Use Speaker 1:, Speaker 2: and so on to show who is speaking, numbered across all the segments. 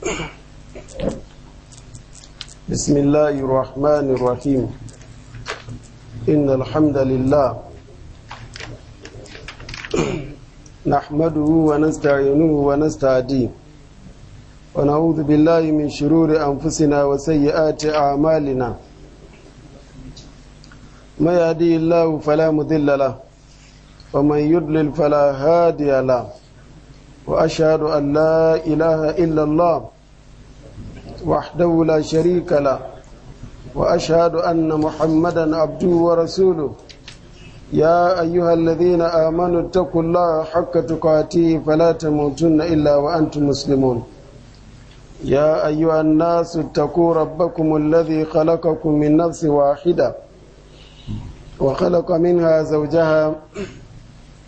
Speaker 1: بسم الله الرحمن الرحيم إن الحمد لله نحمده ونستعينه ونستعدي ونعوذ بالله من شرور أنفسنا وسيئات أعمالنا ما يهدي الله فلا مذل له ومن يضلل فلا هادي له وأشهد أن لا إله إلا الله وحده لا شريك له وأشهد أن محمدا عبده ورسوله يا أيها الذين آمنوا اتقوا الله حق تقاته فلا تموتن إلا وأنتم مسلمون يا أيها الناس اتقوا ربكم الذي خلقكم من نفس واحدة وخلق منها زوجها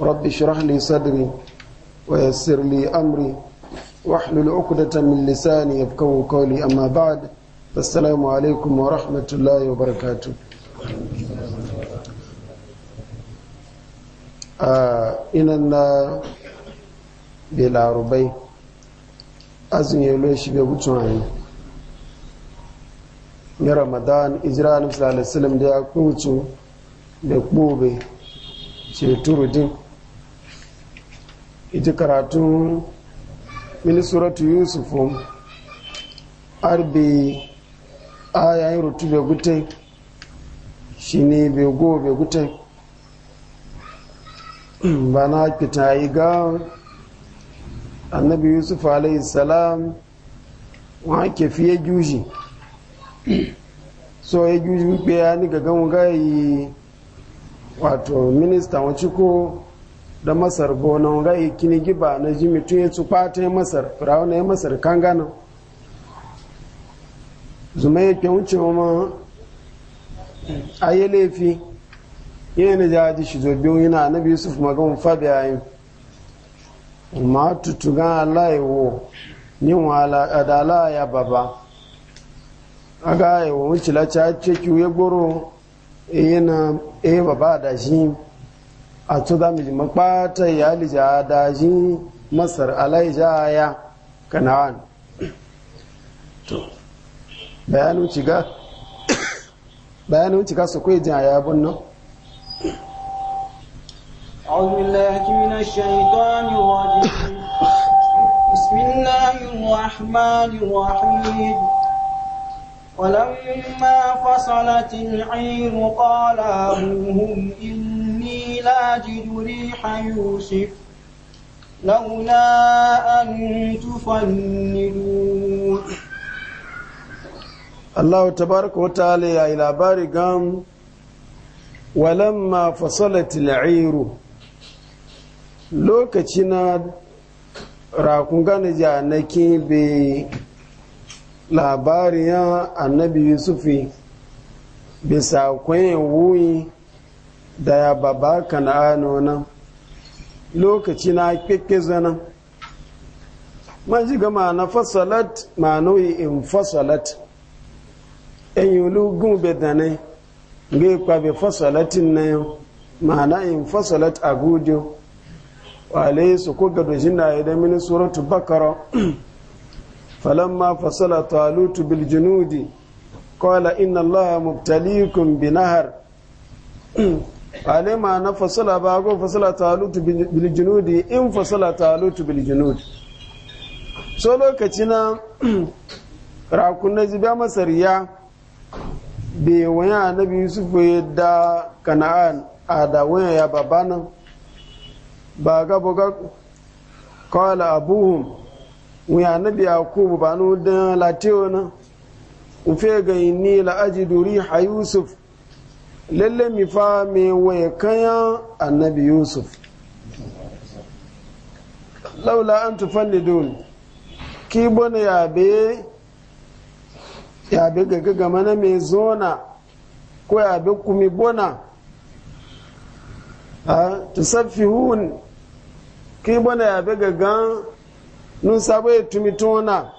Speaker 1: رب اشرح لي صدري ويسر لي أمري واحلل عقدة من لساني يفقهوا قولي أما بعد السلام عليكم ورحمة الله وبركاته آه إننا بلا ربي أزن يلوش بيبوتواني na ramadan ijira na sallallahu alaihi wasallam da ya kucu da kube ce turudin ita karatun minisuratu yusufu um, a yayin rutu bai gutai shi ne bai go bai gutai ba na fita yi ga annabi yusuf alayhi salam wa ke fiye juji so ya juji wipe ya ní gaggan yi wato minista wọn ciko da masar bonon rai kini giba na jimi tun ya tsufa ta yi masar firawuna ya masar kan gana zuma ya ke wuce ma a yi laifi yi ja ji shi zobe biyu yana na biyu su magan fa fabi a yi ma tutu gan alayi wo ni wala adala ya baba aga yi wa wuce lacha ce ce ya goro yana e, e baba da shi a tu za mu ji makpata ya lija daji masar alaija ya kana'an to bayanu ciga bayanin ciga su kai jin ayabun nan
Speaker 2: أعوذ بالله من الشيطان الرجيم بسم الله الرحمن الرحيم ولما فصلت العير قال أبوهم إن لا أجد ريح يوسف لولا أن تفندون
Speaker 1: الله تبارك وتعالى إلى بارقام walamma fasalat al'iru lokaci na rakun gane janaki be labarin annabi yusufi bisa kwaye wuyi da ya baba kana'ano nan lokaci na keke zanen man ji gama na fasalat ma nauyi in fasalat in yi lugun bedane ga ikwa fasalatin na yau ma na in fasalat a gudu wale su ko gado shi na idan mini suratu bakara falamma fasala talutu bil junudi qala inna allaha mubtaliikum binahar alima na fasala ba ko fasila talutu bil junudi in fasala talutu bil junud so lokaci na rakun na jiba masariya be wani annabi yusuf ya da kana'an a da wani ya babana ba ga buga kawala abuhum wani annabi yakubu ba nu da latiyo na ufe ga inni la ajidu ha yusuf lalle mi fa mi waye kayan annabi yusuf laula an tufanni dole ki bane yabe yabe gaga gama na mai zona ko yabe kumi bona a hun ki bane yabe gaga nun sabo ya tumi tona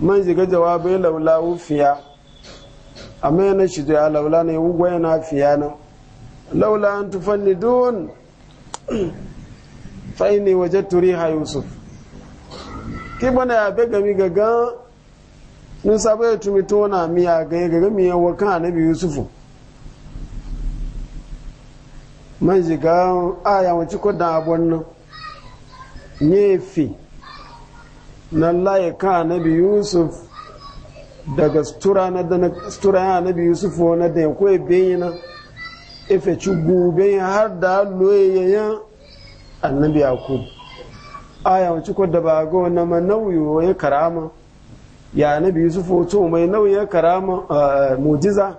Speaker 1: man jiga jawabai laula wufiya amma yana shi ya laula ne wugo yana fiya nan laula an tufanni don faini waje turi ha yusuf ki bana ya be gami gaga nun sabo ya tumi tona miya ga ya gaga miya wa kan bi yusufu man ga aya wace ko da abon nan ne fi nan ya kan annabi yusuf daga sutura na da sutura ya biyu sufu na da ya kwaye benyi na efe ci gube har da loye yayan annabi yakub aya wacce ko da ba ga wani ma nauyi ya karama ya biyu sufu to mai nauyi ya karama mujiza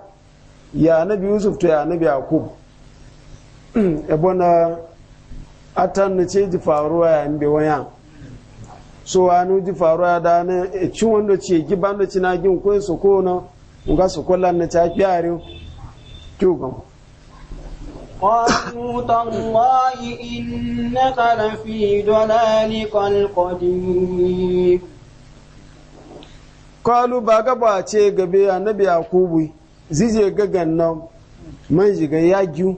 Speaker 1: ya biyu yusuf to ya nabi ku ebona atan ne ce ji faruwa ya mbe waya so a anu ji faruwa da na ci wanda ce gi ba bando ci na gi ko su ko na ga su ko na ta fi kyare kyugo
Speaker 2: قالوا تالله إنك لفي ضلالك القديم
Speaker 1: قالوا باغا باچه gabe annabi yakubu zije gagan nan man jiga yagiu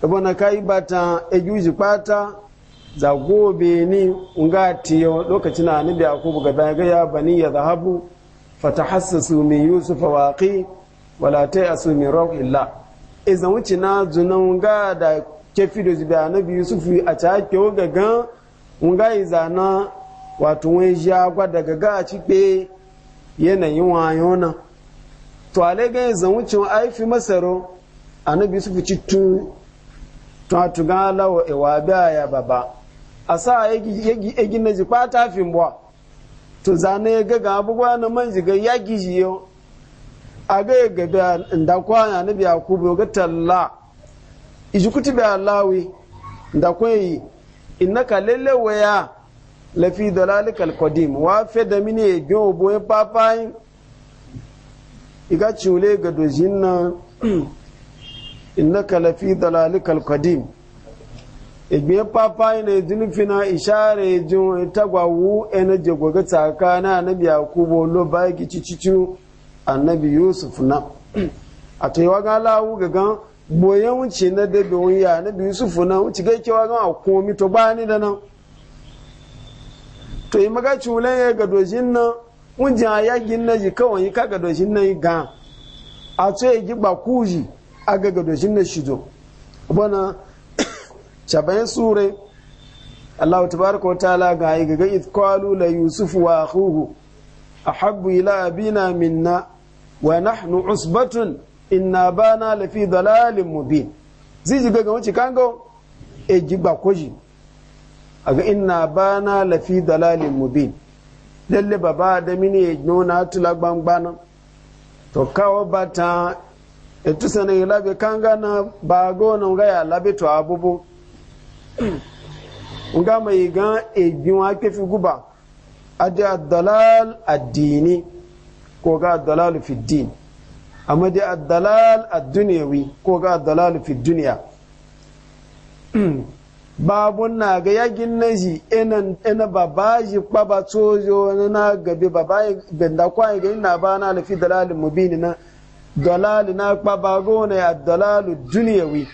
Speaker 1: kabana kai bata ejuji pata za gobe ni nga tiyo lokacin na annabi yakubu ga daga ya bani ya zahabu fatahassasu min yusuf waqi wala ta'asu min illa izan wuce na zunan ga da kefi da zubi annabi yusuf a ta ke ga gan nga izana wato wani jagwa daga ga a cipe yanayin wayona to ale ga idan wuce aifi masaro annabi yusuf ci tu ta tugala e wa iwabi ya baba a sa ya gina ji kwata fin buwa to zane ya gaga abubuwa na man jiga ya gizi yau a ga ya gaba da kwana na biya ku bai ga la iji kuti bai lawi da kwayi ina ka lele waya lafi dalalikal qadim wa fe da mini ya ya papa yi iga ciwule ga dojin na inna ka lafi dalalikal qadim igbe papa ina julfina ishare jun tagwawu ena aka na annabi akubo lo baki cicicu annabi yusuf na hmm. a to yawa ga gagan gaga boyen wuce na dabe wuya annabi yusuf na wuce ga kewa ga akomi to bani da nan to e yi maga culen ya ga dojin nan wunji a yagin na ji kawai yi ka ga dojin nan ga a to ya e gi ba kuji a ga ga dojin na shido bana cabayin sure ga yi gaga la yusuf wa ahabbu ila minna wa nahnu usbatun inna bana lafi dalalin mubin ziji gaga wuce kango e inna lafi dalalin lalle da mini tula gbangbana to kawo bata etu sana ilabe kanga labe to nga mai gan ebi wọn ake fi guba adi adalal addini ko ga adalal fi din amma di adalal adduniyawi ko ga adalal fi duniya babun na ga yakin na ji ina babaji kpaba tsojo na gabe babaji ganda kwaye ga ina ba na lafi dalalin mubini na dalali na kpaba gona ya dalalu duniyawi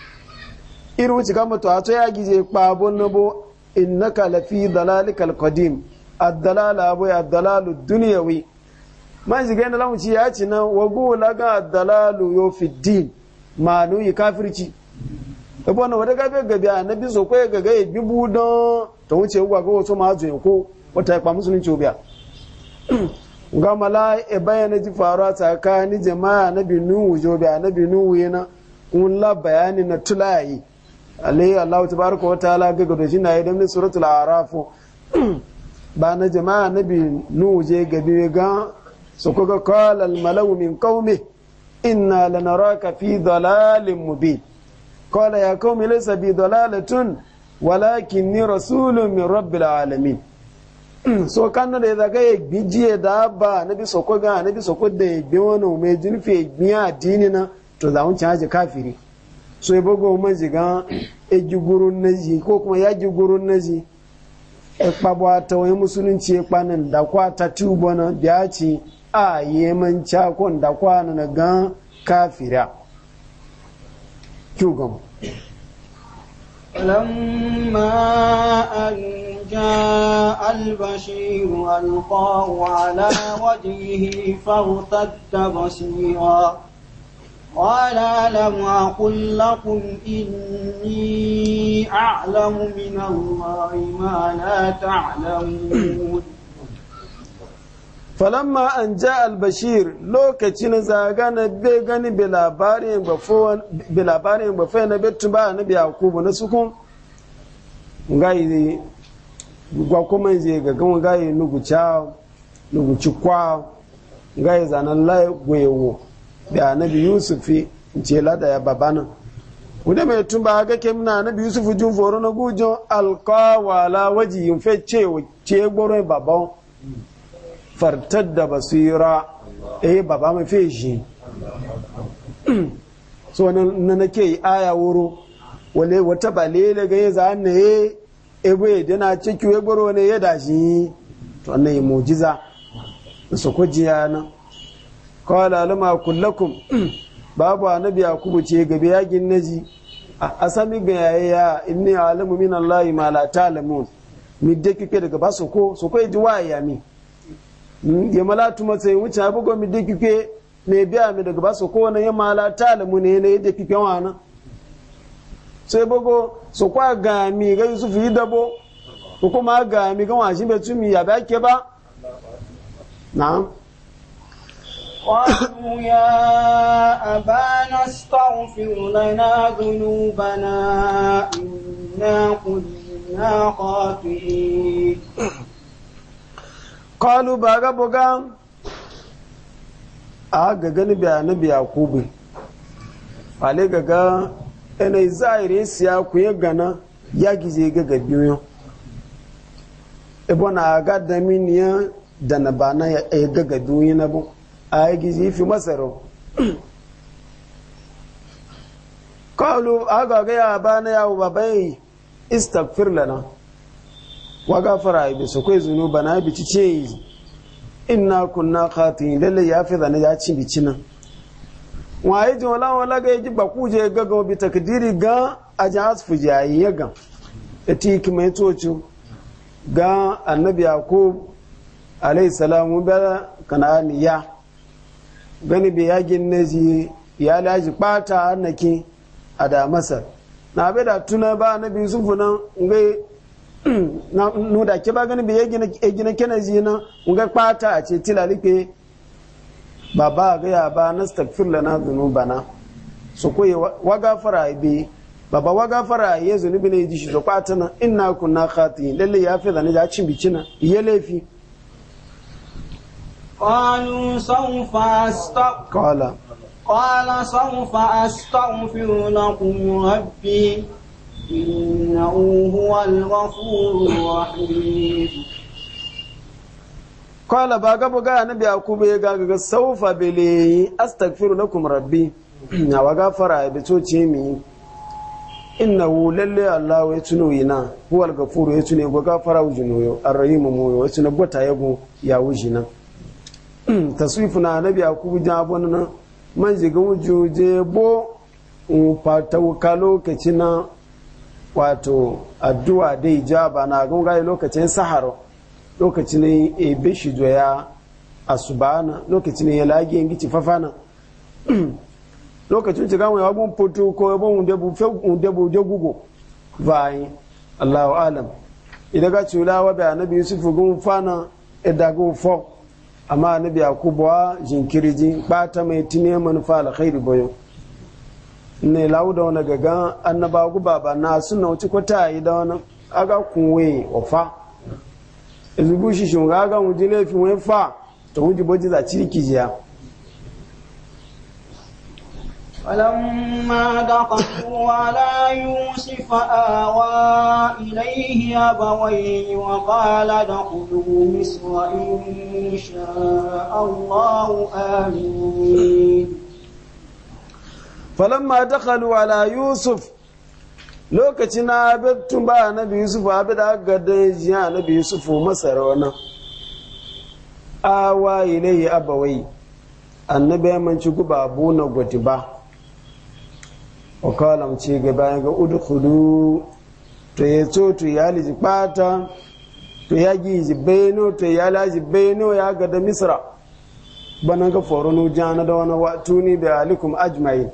Speaker 1: irin wuce kama to a ya gije kpabo na bo innaka lafi dalalikal qadim addalala abu duniyawi. man shiga na lamuci ya ci nan wagu laga dalalu yo fi din nu yi kafirci ibo e na wada gabe gabe a na biso kwaye gaga ya e bi don ta wuce ugwa ga wasu ma zuwa ko wata ya kwa musulunci obiya ga Gamala e bayyana ji faruwa tsakanin jama'a na binu bi a na binu wuyena kun la bayani na tulayi alayhi Allah tabaraka wa ta'ala ga gado shi na yi damni suratul arafu ba na jama'a nabi nuhu je gabe ga su kuga qala al min qaumi inna lanaraka fi dalalin mubin qala ya qaumi laysa bi dalalatun ni rasulun min rabbil alamin so kanna da zaga ya bijiye da ba nabi soko ga nabi soko da ya bi wani mai fi biya addini na to za mun kafiri so ibogo manji ga ejigurun nazi ko kuma ya jigurun naji ekpa kpabo ata wani musulunci ya kpanin da kwa ta tubo na biya ci a yeman ko da kwa na ga kafira kyugam
Speaker 2: لما أن جاء البشير ألقاه على وجهه فارتد بصيرا قال ألم أقل لكم إني أعلم من الله ما لا تعلمون
Speaker 1: falamma an ja albashir lokacin zaga na be gani be labarin fai na betu ba na biya kubu na Suku. gayi gwa kuma zai ga gama gayi nuguca nuguci kwa gayi zanan layi gwewo bi anabi yusuf ce lada ya babana wani mai tun ba ga kem na anabi yusuf jun foro na gujo Alkawala waji yin fe ce ce gboro babon fartar da basira eh baba mai fe shi so na nake aya wuro wale wata balele ga yaza na ye eh, ebe na ciki we gboro ne ya dashi to annabi mujiza su kujiya nan kawala lama kullakum babu annabi yakubu ce gabe yakin naji a sami ga ya inni alamu min allahi ma la ta'lamun mi de kike daga ba so ko so ko ji waya mi ya malatu matsayin wuce abugo mi de kike ne biya mi daga ba so ko wannan ya ma la ta'lamun ne ne de kike wana sai bugo so kwa ga mi ga yusuf yi dabo ko kuma ga mi ga washin betumi ya ba ke ba na'am
Speaker 2: قالوا يا أبانا استغفر لنا ذنوبنا إنا كنا
Speaker 1: خاطئين قالوا بقى بقى aga gani bi ku bi, ale gaga ene zaire siya ku ya gana ya gize ga e bona aga da miniya da na bana ya ga na bu a yi gizi fi masarau kọlu haka a ba na yawo ba bai istagfir lana wa gafara ibi su kai ba na bici ce yi kunna katin lalle ya fi zane ya ci bici nan waye ji wala wala ga yaji ba kuje ga bi takdiri ga a ji asfu ya ga eti kuma tocu ga annabi yakub alayhi salamu bala kanani ya gani bai yagin na zi ya laji bata hannaki a da masar na bai da tuna ba na biyu sun funan ngai nu da ke ba gani bai yagin na kena zi na ngai bata a ce tilalike ba ba ga ya ba na stafir lana zunubana su koyi waga fara bi baba waga fara ya zunubi ne ji shi zo ɓata na inna kunna khati lalle ya fi zane ya cin bicina ya laifi
Speaker 2: قالوا سوف أستغفر قال قال سوف أستغفر لكم ربي إنه هو الغفور الرحيم
Speaker 1: قال باغا بغا نبي أكوب يغا سوف بلي استغفر لكم ربي وغفر بتوتي مي innahu lalle Allah ya tuno yana huwal gafuru ya tuno ya gafara wujunoyo arrahimu mu ya tuno gwata yago ya wujina Hmm, taswifu na anabi yakubu jabon nan man jiga wujuje bo pata wuka lokaci na wato addu'a da ijaba na gungaye lokacin saharo lokacin ne ebe shi joya a subana lokacin ne ya lage yin gici fafana hmm, lokacin ci gamu ya gun fito ko ya bon undebu de gugu bayan allahu alam idan ga culawa bai anabi yusuf gun fana idagun fok amma annabi yakubu wa jinkiri ji bata mai tine manufa alkhairi bayo ne lawu da wani gaga annaba guba baba na suna nauci ko ta yi da wani aga kunwe ofa izubu shi shunga aga wani fa ta wuji boji za jiya
Speaker 2: فلما دخلوا على يوسف آوى إليه أبويه وقال ادخلوا مصر إن شاء
Speaker 1: الله آمين فلما دخلوا على يوسف lokacin na abin ba annabi yusuf abin da aka gada ya annabi yusuf masar wani awa ilayhi abawai annabi ya manci guba na gwati ba wakala mace ga bayan ga udkhulu to ya to to ya liji pata to ya giji beno to ya beno ya misira bana ga forono jana da wani watuni bi alikum ajma'in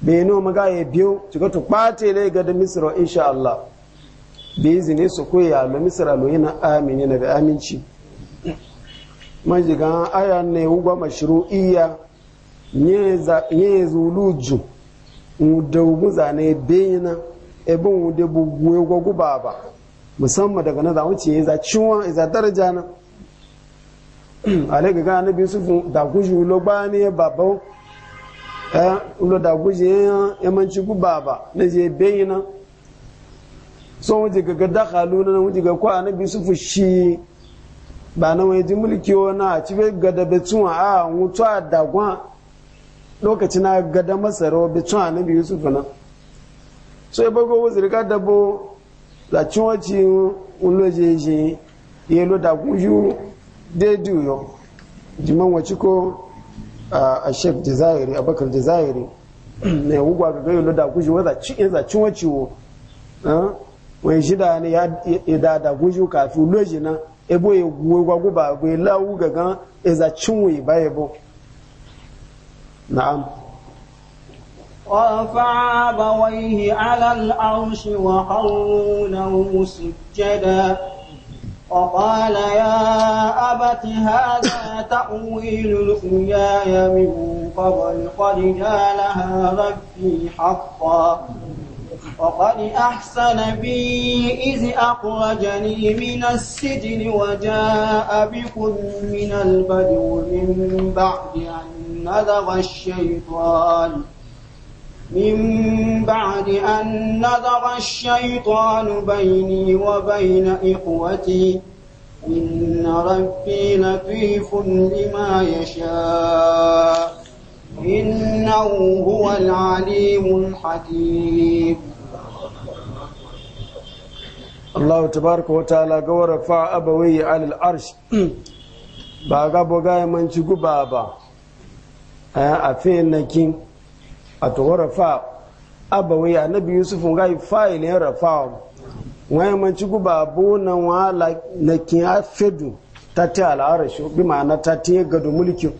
Speaker 1: beno maga ya biyo cika to pate ne ga da misra insha Allah bi su ko ya lo misra lo yana amini na bi aminci majiga aya ne ugwa mashru'iyya ne iya ne zuluju wudagu zane bayina ebe wude buguwe gwagu baba musamman daga na zamu ya za ciwon iza daraja na ale gaga na bi su da guju lo ba ne baba eh ulo da guje ya manci gu baba na je bayina so ga gada halu na wuce ga kwa na bi sufu shi ba na waje mulki wani a cibiyar gada be a wuta da lokaci na gada masaro bi cin anabi yusuf na so ya bago wasu rika dabo za cin wace uloje shi ya lo da kuju daidai yo jiman wace ko a shek jazairi abakar jazairi na ya wugwa ga gayo lo da kuju wa za cin wace wo wani shida ne ya da da kuju kafin uloje na ebo ya guwa guba bai lawu gagan ya za cin wa ba ya bo نعم
Speaker 2: ورفع أبويه على العرش وقروا له سجدا وقال يا أبت هذا تأويل رؤياي من قبل قد جعلها ربي حقا وقد أحسن بي إذ أخرجني من السجن وجاء بكم من البدو من بعد أن نزغ الشيطان من بعد أن نزغ الشيطان بيني وبين إخوتي إن ربي لطيف لما يشاء إنه هو العليم الحكيم
Speaker 1: الله تبارك وتعالى قول رفع أبوي على العرش ba ga buga manci guba a fe na kin a to rafa abawai annabi yusuf ga fa'il ya rafa wai man ci guba bo na wala na kin a fedu ta ta al'arashi bi ma'ana ta ya gado mulkin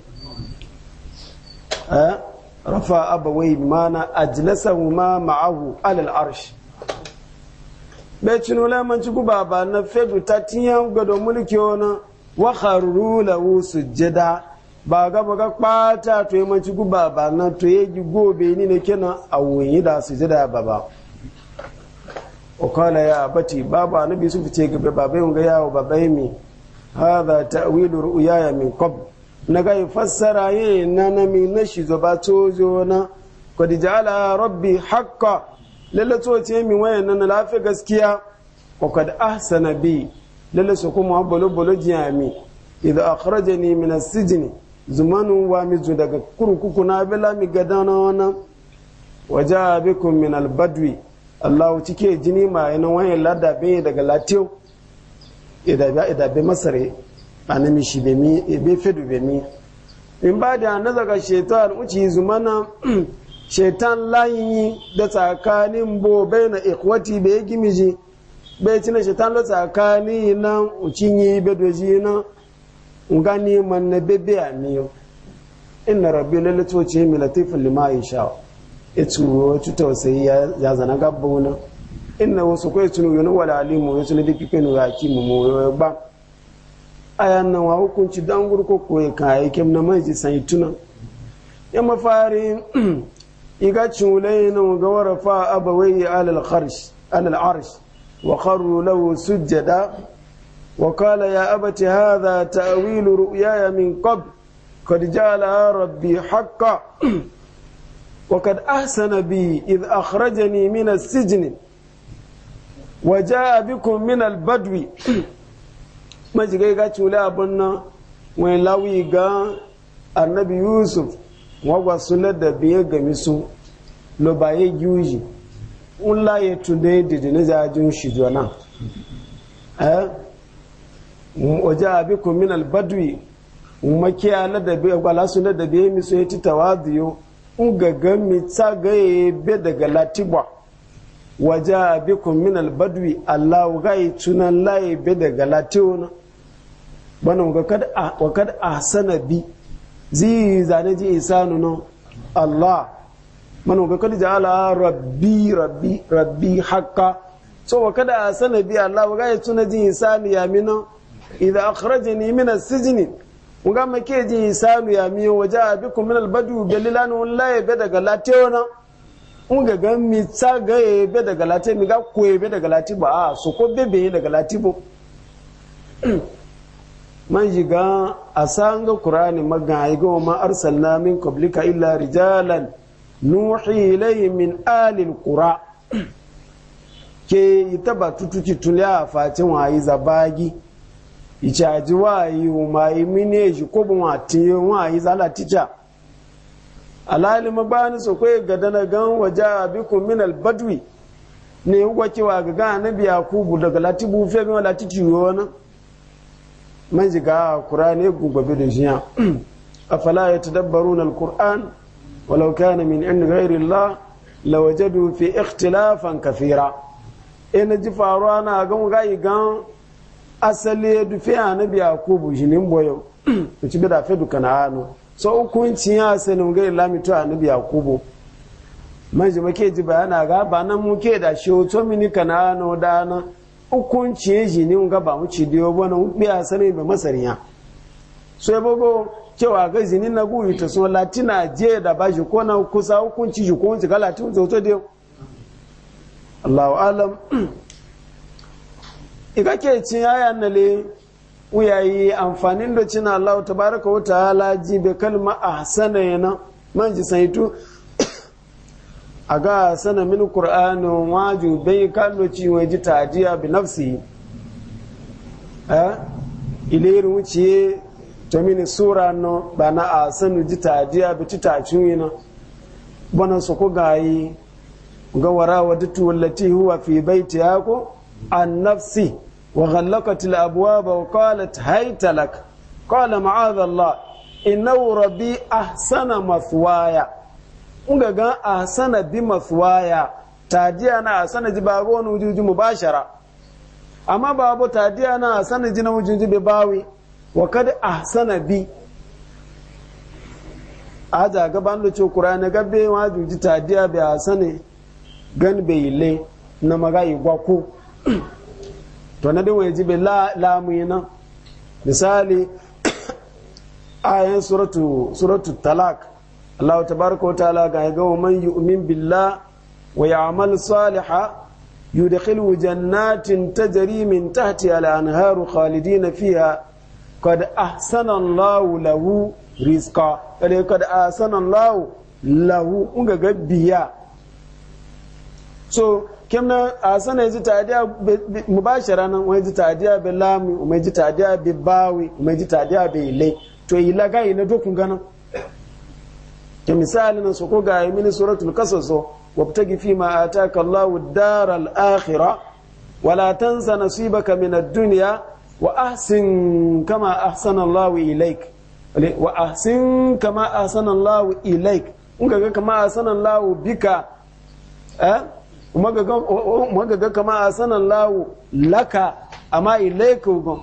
Speaker 1: rafa abawai mana ajlasahu ma ma'ahu alal arsh bai cinu lamanci guba ba na fedu ta tiyan gado mulki wani wa kharru lahu sujjada ba ga ga kpata to yi manci guba ba na to yi ji gobe ni na kenan a wuyi da su da ba ba kala ya abati baba nabi su fice gabe babai mun ga yawo babai mi hadha ta'wilu ru'yaya min kwab. na ga fassara yi na na mi na shi zo ba tojo na qad ja'ala rabbi haka lalle to ce mi wayan na lafi gaskiya O qad ahsana bi lalle su kuma bolo bolo jiyami idan akhrajani min as-sijni zumanu wa mizu daga kurkuku na bila mi gada na wana waja kun min albadwi Allah cike jini ma yana wani lada be daga latiyo idabe idabe masare a mi shi bemi mi fedu bemi mi in ba da na daga shaitan uci zumana shaitan layi da tsakanin bo na ikwati bai gimiji bai cina shaitan da tsakanin nan yi bedoji nan nga ni man na bebe a miyo ina rabi lalle mai ce latifin lima insha itu e wata tausayi ya zana gabba wani ina wasu kai tunu yana wala alimu ya tunu dipi kenu ya ki mu moyo e e ba aya nan wa hukunci dan gurko ko ya kai kem na mai san tunan ya mafari iga chulai na ga warafa abawai alal arsh wa kharu lahu sujjada وقال يا أبت هذا تأويل رؤياي من قبل قد جعلها ربي حقا وقد أحسن بي إذ أخرجني من السجن وجاء بكم من البدو ما جيغي غاتي ولا بنا وين لاوي غا النبي يوسف وغا سنة دبيه غمسو لو باي جوجي ولا يتودي دي نزاجون شجونا أه waje bikum min albadwi makiya na da bai gwala su na da bai mi ya ci tawadiyo in gaga mi tsaga ya be daga latibwa waje bikum min albadwi allahu gai tunan laye be daga latiwa bana wa a ahsana bi zai zane ji isa nuna allah mana wa kad ja'ala rabbi rabbi rabbi haka. so wa kad a bi allah wa gai tunan ji ni ya mina idza akhrajani min as-sijni nga make ji isanu ya miyo waja bikum min al-badu wani la bai daga latewona nga ga mi tsaga yabe daga lati mi ga ko bai daga lati ba a so ko bebe daga lati bo man jiga asanga qur'ani maga ai ga ma arsalna min qablika illa rijalan nuhi ilayhim min ali al-qura ke itaba a facin wa yi zabagi ìṣàjì wà yìí ò máa yìí ní èjì kó bùn àti wọn àyí tíjà alálìmọ́ bá ní sọ pé gàdánà gan wàjá àbíkùn mí albadwi ne yi kwakewa ga gana na biya kubu daga latibu femi wa latiti yiwu wani man jiga kura ne da jiya afala ya ta dabbaru na alkur'an min in ghairillah la wajadu fi kafira ina ji faruwa na gan gan asali ya dufe a na biya ko bujilin boyo da ci bida fedu kana so hukuncin ya asali ga a na biya ko mai ji ji bayana ga ba mu muke da shi otu mini kana hannu da na hukunci yi e ji ni ga ba mu ci diyo bana ya e asali ba masariya so ya bogo na guyi ta so na kusa hukunci shi ko hunci ga latin zoto diyo Allahu iga ke cin yaya na le wuyayi amfanin da cin Allah tabaraka wa ta'ala ji be kalma sana yana man ji a ga sana min qur'anu waju bai kallo ci waji tajiya bi nafsi eh ile ruci to mini sura no bana sanu ji tajiya bi titacin yana bana su ku gayi ga wara wa dutu wallati huwa fi baiti yako عن نفسه وغلقت الأبواب وقالت هيت لك قال معاذ الله إنه ربي أحسن مثوايا ungaga ahsana bi mathwaya tadiya na ahsana ji babu wani wujuji mubashara amma babu tadiya na ahsana ji na wujuji bi bawi wa kad ahsana bi aja gaban da ce qur'ani gabe wa juji tadiya bi ahsana gan bai le na magayi gwako to na dinwa ya ji la lamu yana misali ayan suratu talak Allah ta baraka wa ta'ala ga ya gawo man yu'min billah wa ya'mal salihah yudkhilu jannatin tajri min haru al-anharu fiya, fiha a sanan lawu lahu rizqa ale qad ahsana Allahu lahu unga gabbiya so na a sana ji tadiya mubashara nan wai ji tadiya bi lami umai ji tadiya bi bawi umai ji tadiya bi ilai to ila ga ina dukkan gana ke misali na su ga yi mini suratul kasaso wabtagi fi ma ataka Allahu daral akhirah wala tansa nasibaka min duniya dunya wa ahsin kama ahsana Allahu ilaik wa ahsin kama ahsana Allahu ilaik in ga kama ahsana Allahu bika eh magaga kama a sanan lawo laka a ilaika gon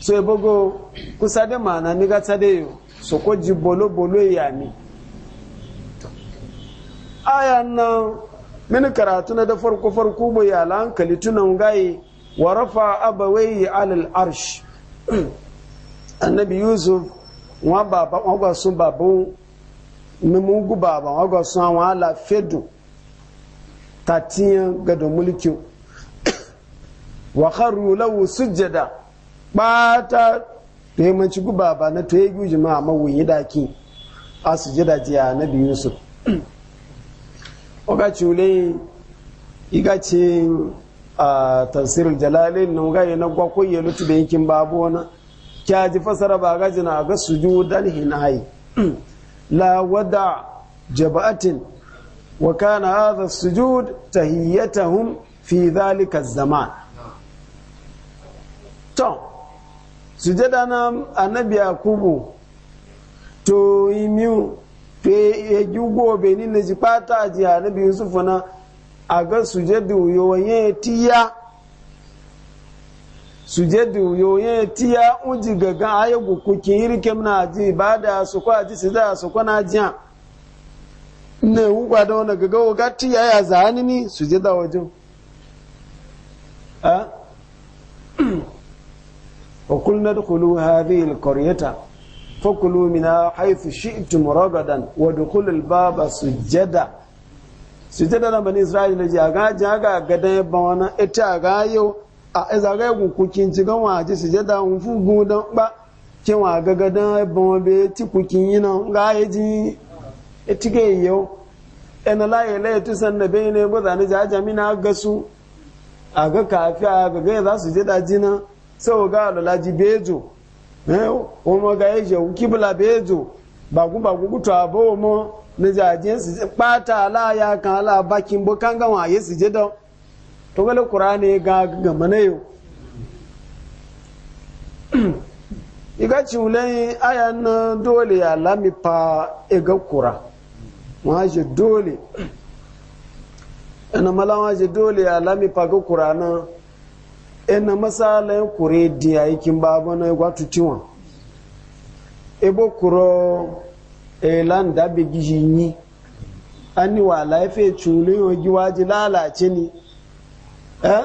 Speaker 1: so ibogo kusa da mana ni gata da yau so ko ji bolo bolo ya mi aya nan mini karatu na da farko farko bai ala hankali tunan gaye wa rafa abawai alal arsh annabi yusuf wa baba wọn gba babu mimugu baba wa gba sun àwọn ga da mulki wa kharru sujjada bata to yamanci guba ba na to ma jama'a mawuyi daki a sujjada ji nabi yusuf oga chule iga ce a tafsir jalalin nan ga yana gwa koyi lutu da yankin babu wani kya ji fasara ba gaji na ga sujudan hinayi la wada jaba'atin wa kana hadha sujud tahiyyatuhum fi dhalika zaman to sujada na annabi yakubu to imiu pe ejugo be ni ne jipata ji annabi yusuf na aga sujadu yo yen tiya sujedu yoyin tiya unji gaga ayo gukukin irkem na ji ba su kwa ji su da na jiya ne wuba da wani gaga wagati ya zahani ni su je da wajen a Kulu kulna dukulu hadhihi alqaryata fakulu mina haythu shi'tum ragadan wa dukhul sujada sujada da bani isra'ila ne ga ga ga gadan ban wannan ita ga yau a zaga gun kukin ci ga waje sujada un fugu dan ba kin wa ga gadan ban be ti kukin yin ga etige yau ena la yela bene boda da ni jaja na gasu aga kafi aga ga za su je da jina so ga la ji bejo ne o mo ga eje u kibla bezo ba bagun to abo mo ni jaje su pata ala ya kan ala bakin bo kan ga wa yesu je do to ga qur'ani ga ga mana yau iga ciwulen ayan dole ya lami pa ega kura waje dole ina mala waje dole ya lami faga kurana ina masalayin kure diya yakin babu na ya gwatu tiwon ebo kuro elan da bi gijin yi an yi wa laife culin yogi waje lalace ni eh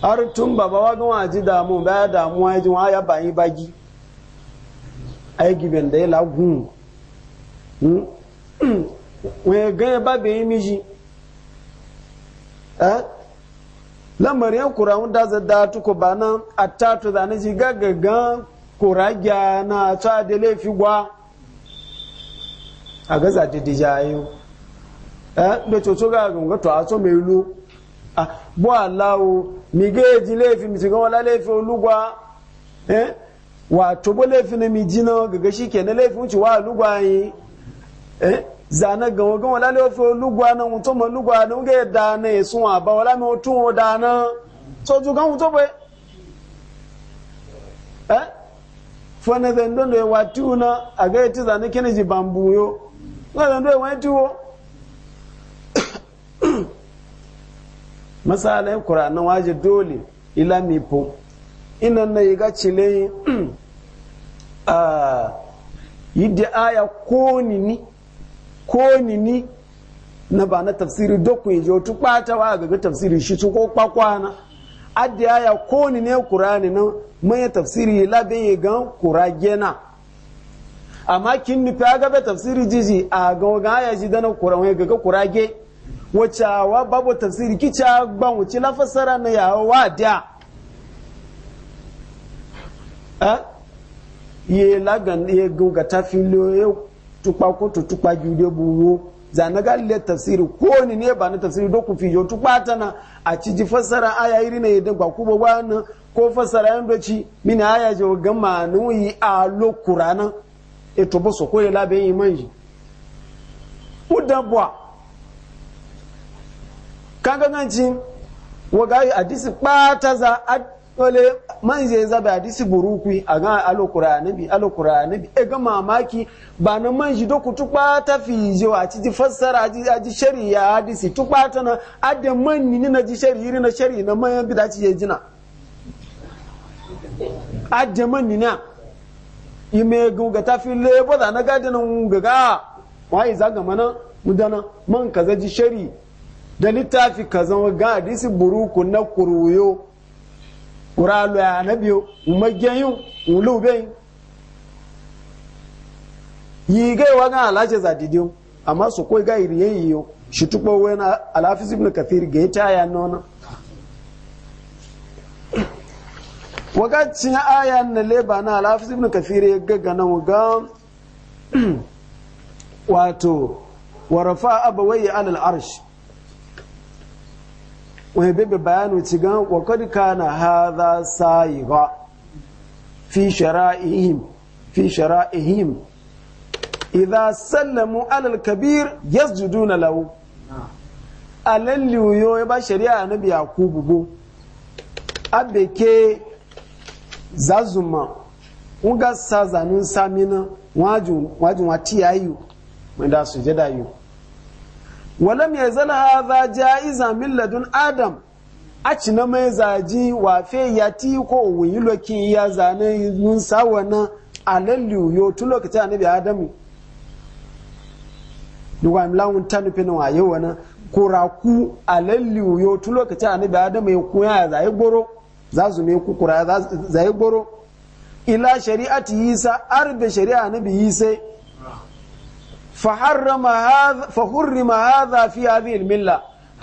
Speaker 1: har tun baba wagon waje damu baya damuwa ya ji wa ya bayi bagi aiki bende la gun hmm? wani ganye ba bai yi miji eh lamar yan kurawun da zada tuko ba nan a tatu da na ji gagagan kuragya na ta da laifi gwa a gaza da dija yi eh da coco ga gunga to a so mai lu a ah, bu alawo mi ga ji laifi mi shiga wala laifi olugwa eh wato bo laifi na mi ji na gaga shi ke na laifi ci wa olugwa yi eh zane gawo gawo la le fo lugwa na un to mo lugwa na un ge da na esun aba wala mi otun o da na so ju gan to pe eh fo e ne den don le wa tu na aga ti zane kene ji bambu yo na den do e wa e tu o masalan qur'an waje dole ila mi po ina na yi ga cile a yi aya ko ni ni ko ni na ba na tafsiri dokun je otu kpata wa gaga tafsiri shi tun ko kwakwana adda ya ko ni ne qur'ani na manya tafsiri labe ya gan qur'agena amma kin ni fa gaba tafsiri jiji a ga ga ya ji dana qur'an ya ga qur'age wacce wa babu tafsiri kica gban ban la fassara na ya wa da eh ye lagan ye gunga tafilo tukpa ko to tukpa jude buwo zanaga le tafsiri ko ni ne ba na tafsiri do ku fijo tukpa na a ci ji fassara aya iri ne da ba ku wani ko fassara yan ci min aya je ga nu yi a lo qur'ana e to so ko la be imanji udan bwa kanga nganji hadisi pata dole man zai zaba hadisi burukwi a ga alokura alukura alokura bi e ga mamaki ba na man shi doku tukpa ta fi je wa ci fassara aji aji ya hadisi tukpa ta na adda man ni na ji shari'a na shari na man bi da ci je jina adda man ni na ime gunga ta fi le da na ga dinan gaga wai zaga mana mudana man kaza ji shari da littafi kaza ga hadisi burukun na kuruyo wura lo ya na biyo ma genyu wulu ben yi ga wa ga alaje za didiyo amma su koi ga iri yayi yo shi tukpo we na alafis ibn kathir ga ta ya nona wakacin aya na leba na alafis bin kafiri ya gaga nan ga wato warafa abawai alal arshi wani bebe bayanu cigan gan wa kad kana hadha sayiga fi shara'ihim fi shara'ihim idha sallamu ala al-kabir yasjuduna lahu alalli yo ya ba shari'a na yakubu bo abeke zazuma unga sazanin samina wajun wajun wati yayu wanda sujada yu walam ya zala hadha ja'iza min ladun adam a ci na mai zaji wafe ya ti ko wuyi ya zane nun sawana alallu yo tun lokaci annabi adam duwa mi lawun tanu pinu wa yau wana kuraku alallu yo tun lokaci annabi adam ya kuya goro za su me ku kura za zai ila shari'ati isa arbe فحرم هذا فحرم هذا في هذه المله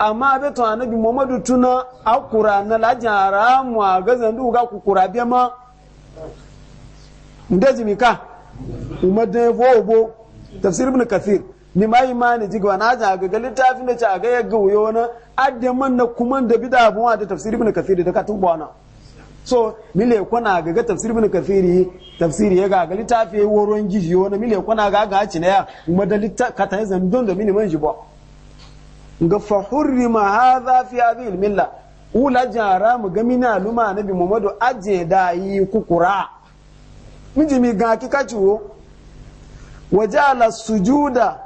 Speaker 1: amma بيت النبي annabi تنا tuna akura na lajara mu a gazan du ga kukura biya ma ndaji mika umadan vobo tafsir ibn kathir ni mai imani jiga wa a ga littafin da ci a ga yaga wuyo na adda man na kuma da bida abun da tafsir ibn da ka tuba na so mile kwana ga ga tafsir ibn kathiri tafsiri ya ga ga litafi woron gishi wona mile kwana ga ga ci na ya madalita ka ta zan don da mini manji ba ga fa hurrima hadha fi hadhihi al-milla ula jara mu ga mina luma nabi muhammadu aje da yi kukura miji mi ga ki ka ciwo wajala sujuda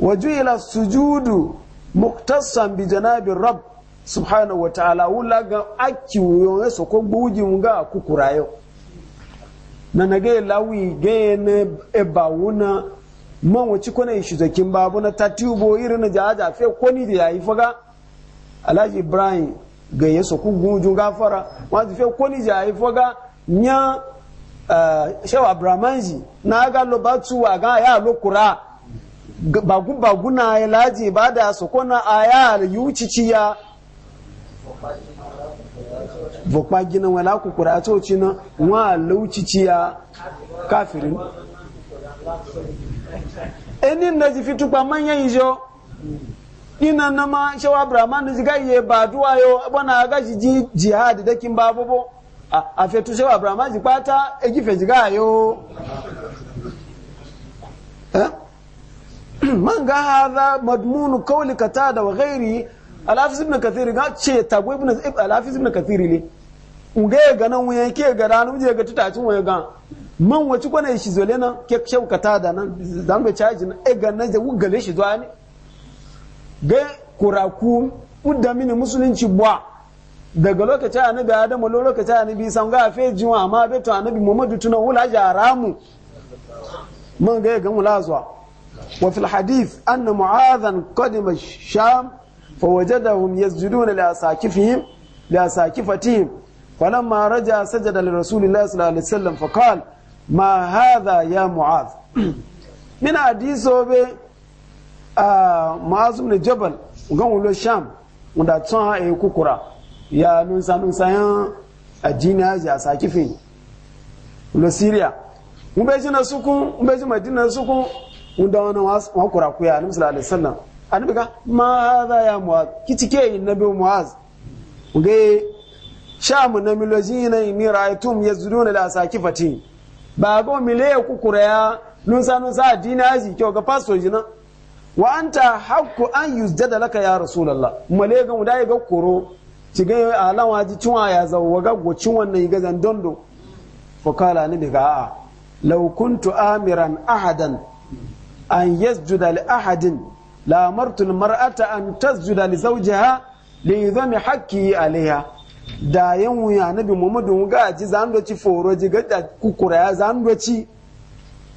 Speaker 1: wajila sujudu muktasan bi janabi rabb subhanahu wataala ulaga aki uyonga e soko gbuji nga kukurayo na nage lawi gene eba wuna man wace kone shi zakin babu na tatubo irin jaja fe koni da yayi faga alhaji ibrahim ga yeso ku gunjun gafara wa fe koni da yayi faga nya eh, shewa abramanji na ga lo batu wa ga ya lo kura bagu bagu na alhaji ibada sokona aya yucici vokpa gina wala kukura a tsoci na wa lauciciya kafirin enin na ji fitupa manyan ijo ina na ma na ziga iye ba duwa yo bana ga ji jihad da kin babobo a fetu shawa brahman ji pata e gife jiga yo eh? man ga hadha madmun qawli qatada wa ghairi alhafiz ibn kathiri ga ce tagwa ibn alhafiz ibn kathiri ne nga ga nan wuya ke ga ranu je ga tutacin wuya ga man wace kwana shi zole nan ke shaukata da nan dan ga caji na e ga nan da gale shi zuwa ne ga kuraku udda mini musulunci bwa daga lokacin annabi adamu lokacin annabi san ga fe jiwa amma be to annabi muhammadu tunan wula jaramu man ga ga mulazwa wa fil hadith anna mu'adhan qadima sham فوجدهم يسجدون لأساكفهم لأساكفتهم فلما رجع سجد لرسول الله صلى الله عليه وسلم فقال ما هذا يا معاذ من حديث معاذ بن جبل وقام له الشام wanda tun ha yi kukura ya nunsa nunsa yan addini haji a sakifin lo syria mun bai ji na suku mun bai ji madina suku mun sallallahu alaihi annabi ma za ya muwaz kitike nabi muwaz nge eh, sham na milojina ni ra'aytum yazduna la sakifati ba go mile ku kuraya nun sa nun sa dinaji kyau ga pastor jina wa anta haqqu an yuzdada laka ya rasulullah male ga mudai ga koro ciga alan waji cinwa ya zawo ga gocin wannan ga zandondo fa kala ni daga a law amiran ahadan an yasjuda li ahadin la mar'ata an tasjuda li zawjiha li yudhami haqqi alaiha da yan wuya nabi muhammadu ga ji zando ci foro ji ga kukura ya zando ci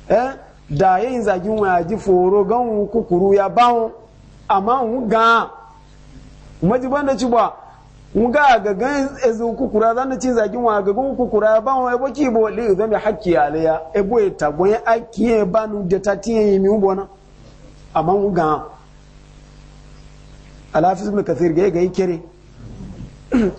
Speaker 1: eh da yayin zagin wuya ji foro gan kukuru ya bawo amma hu ga maji banda ci ba wu ga ga gan ezu kukura zan ci zagin wuya ga gan kukura ya bawo e boki bo li yudhami haqqi alaiha e bo e tagon ya akiye banu de tatiye mi ubona amma wu ga Alaafis ibn kathir ga ga kere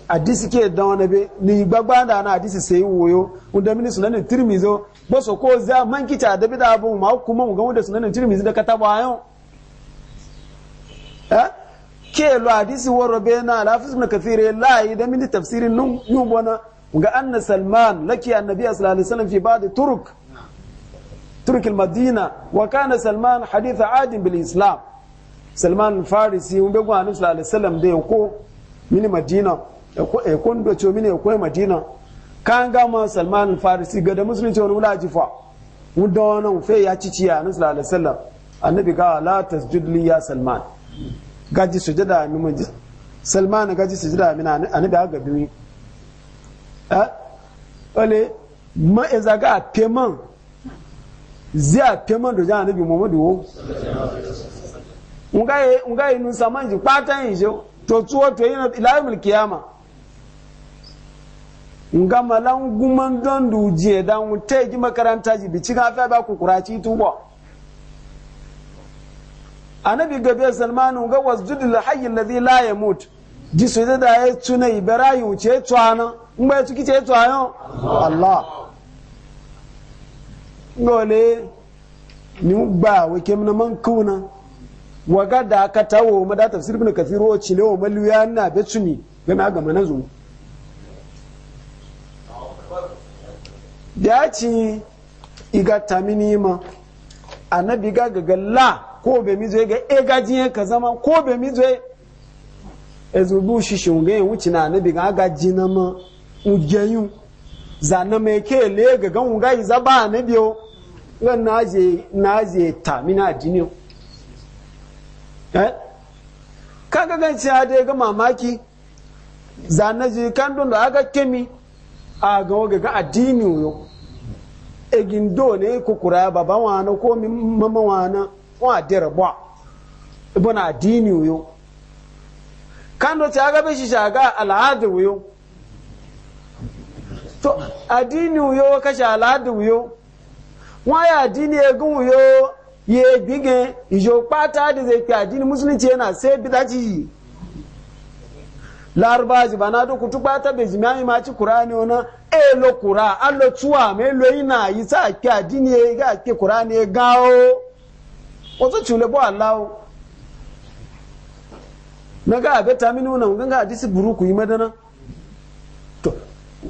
Speaker 1: hadisi ke dan wani ni gbagba da na hadisi sai woyo wanda mini sunanin tirmizo ba so ko za man kita da bi da abu ma kuma mu ga wanda sunanin tirmizo da ka taba yau eh? ke lo hadisi woro be na alafis ibn kathir la yi da mini tafsirin nun yubona ga anna salman laki annabi sallallahu alaihi wasallam fi ba'd turuk turk المدينة وكان سلمان حديث عاد بالإسلام salman farisi un begun anu sallallahu alaihi wasallam da ko mini madina ko e kon do cho mini ko madina kan ga ma salman farisi ga da musulunci wani wulaji fa un da wannan fe ya ci ya anu sallallahu alaihi wasallam annabi ga la tasjud li ya salman gaji sujada mi mu salman gaji sujada mi na annabi ga bi eh ole ma ezaga peman zia peman do jana nabi muhammadu wo ungai nusa manji kwata injo to tuwo to yi na ilayimul kiyama nga malan guman don duje dan wuta ji makaranta ji bici ka fiye ba ku kuraci tubo annabi gabe salmanu ga la lil hayy alladhi laye mut ji su da ya tuna yi wuce tsana in ba su kice yau? allah ngole ni mu ba wake mun man kuna waga da aka tawo ma da tafsir ibn kathir wa cile wa malu ya na betumi gana ga manazo da ci iga tamini ma annabi ga ga la ko be mi zoye ga e ga gajiye ka zama ko be mi zoye ezubu shi shunge wuci na annabi ga ga jina ma ujeyun zana mai ke le ga gan ugai zaba annabi na je na je tamina diniyo Eh? kaga gan ci dai ga mamaki zane ji kan don da aka kemi a ga waga ga addini yo egin do ne kukura baba wana ko mama wana wa dera ba ibona addini yo kan do ci aka be shi shaga al'adu yo to addini yo kashe al'adu yo wa ya addini egun yo ye gbige ijo pata da zai fi addinin musulunci yana sai bidaci larba ji bana da kutu pata bai jimi ayi maci kurani ona e lo kura allo tuwa me lo ina yi sa ki addini ye ga ki kurani ye gawo wato chule bo allah na ga abe ta mini wannan ganga hadisi buruku yi madana to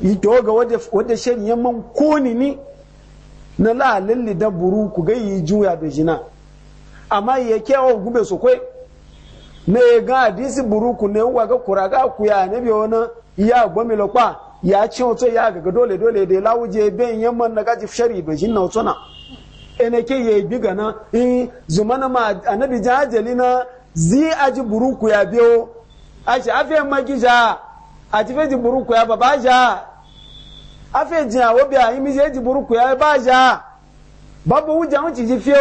Speaker 1: yi to ga wadda wadda shari'a man koni ni na la lalli da buru ku ga yi juya da jina amma ya kewa gube su kwai na ya ga hadisi buru ku ne wa ga kuraga ku ya ne biyo na ya gwami lokpa ya ci wato ya ga dole dole da lawuje ben yamman na gaji shari da jinna wato na ene ke ya bi na. in na ma anabi jajali na zi aji buru ku ya biyo a afiyan magija a ci feji buru ku ya babaja afe jin awo bi a imi je ji buruku ya ebe ja babu wuja wuci ji fiyo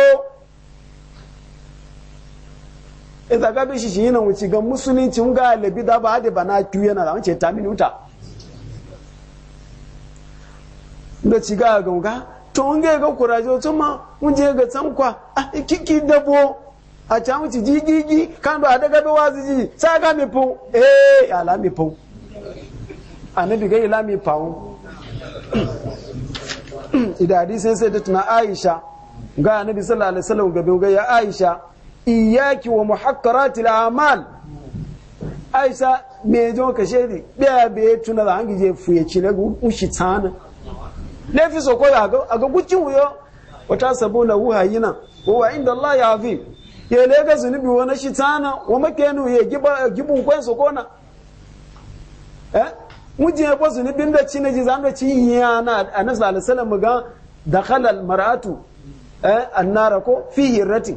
Speaker 1: idan e bi shi shi yana wuci ga musulunci un ga labi da ba da bana kiyu yana da ta minuta da ci ga ga ga to un ga ga kuraje to ma un je ga tsankwa a e kiki dabo a can wuci ji gigi kan do a daga bi wazi ji sa ga mi po ee eh, ala mi po anabi ga ila mi pawo idan hadisin sai tattuna aisha ga annabi sallallahu alaihi wasallam gabe ga ya aisha iyyaki wa muhakkaratil a'mal aisha me jo ka shede biya be tuna da hangi je fuye ci na ushi tsana ne fi so ko ya ga ga gucci wuyo wata sabuna wuha yina wa inda Allah ya azim ya ga zunubi wa na shi tsana wa makenu ya gibu gibun kwanso kona eh mujin ya kwasu ni binda ci na ji zanda ci ya na anas mu ga maratu almar'atu eh, annara ko fi hirrati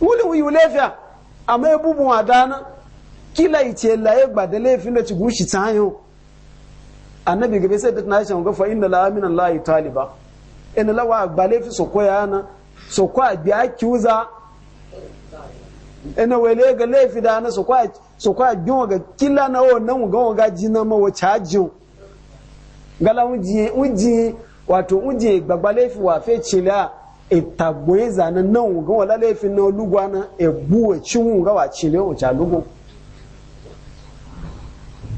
Speaker 1: wuli wuyu lafiya amma ya bubu dana kila ce laye ba da laifin da ci gushi tsayo annabi gabe sai da tunashi ga fa inna la min allahi taliba inna lawa ba laifin so koya na so kwa biya kiuza ina wele ga laifi da na so kwa so kwa gyon ga kila na o nan ga ga ji na ma wacha chajin gala unji unji wato unji gbagba lefi wa fe chila itagbeza e na nan ga wala lefi na olugwa na ebu e chinwu ga wa chile o cha lugu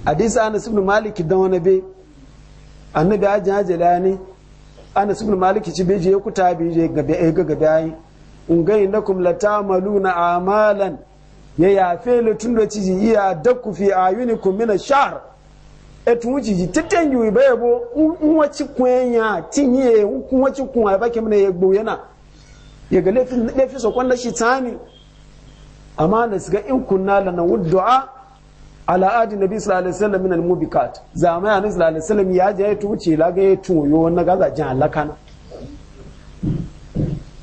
Speaker 1: hadisa anas ibn malik dan wani be annabi ajin ajala ne anas ibn malik ci beje kuta beje ga be ga ga bayi ungai lakum latamaluna amalan ya yafe tun da ciji iya dakku fi ku mina ash e tun ciji titen yu ba yabo nwaci kwenya tinye nwaci kun ba bake mun gbo yana ya ga lafin lafi so kwanda shi tani amma da siga in kunna na wudu'a ala adi nabi sallallahu alaihi wasallam min al-mubikat ya nabi sallallahu alaihi wasallam ya je ya tuce la ga ya tuyo wannan gaza jin halakana